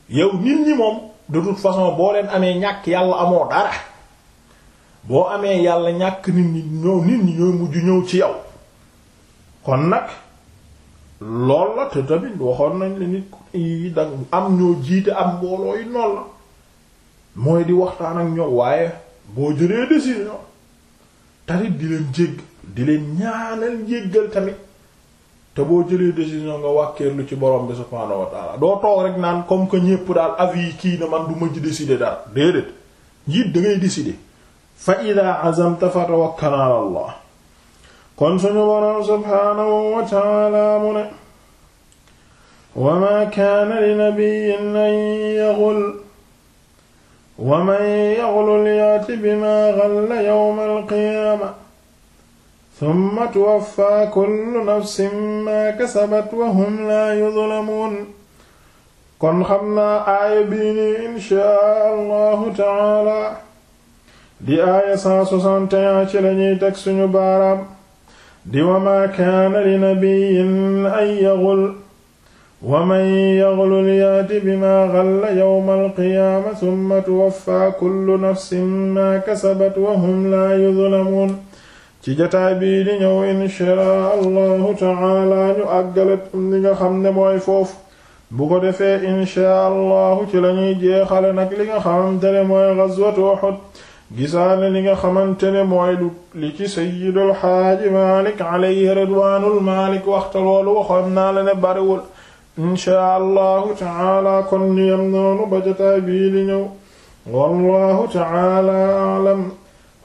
Speaker 1: yow nit ñi moom de toute façon boo leen amee ñàkk yàlla amoo dara boo amee yàlla ñàkk nit ñi ñoo nit ñi ñooy mujj ñëw ci yow kon nag lool la te tamit waxoon nañ la nit yi da am ñoo jiite am mbooloo yi nool la mooy di waxtaan ak ñëw waaye boo jëlee décision tarit di leen jégg di leen ñaanal njéggal tamit te boo jëlee décision nga wàkkeerlu ci borom bi subhaanahu wa doo toog rek naan comme que ñépp daal avis kii na man du mëj décider dara déedéet njiit da ngay décider fa ida azamta fa tawakkal kon suñu boroom subhaanahu wa mu ne wa kaana li nabiyyin an yaghul wa man yaghlul yaati bima ghalla yawmal qiyaama summa tuwaffaa kullu nafsin maa kasabat wa hum laa yuzlamuun kon xam naa aaya bii nii inchaa allahu taala di aaya 161 ci lañuy teg suñu baaraam di wa maa kaana li nabiyin an yaghul wa man yaghlul yaati bimaa ghalla yawma alqiyaama summa tuwaffaa kullu nafsin maa kasabat wa hum laa yuzlamuun ci jotaay bii di ñëw inchaa allahu taala ñu àggale li nga xam ne mooy foofu bu ko defee inchaa allahu ci lañuy jeexale nag li nga xamante ne mooy gazwatu Uhud gisaane li nga xamante ne mooy lu li ci sayyidul xaaji Maalik alayhi ridwaanul Maalik waxta loolu waxoon naa la ne bariwul inchaa allahu taala kon ñu yem noonu ba jotaay bii di ñëw wallahu alam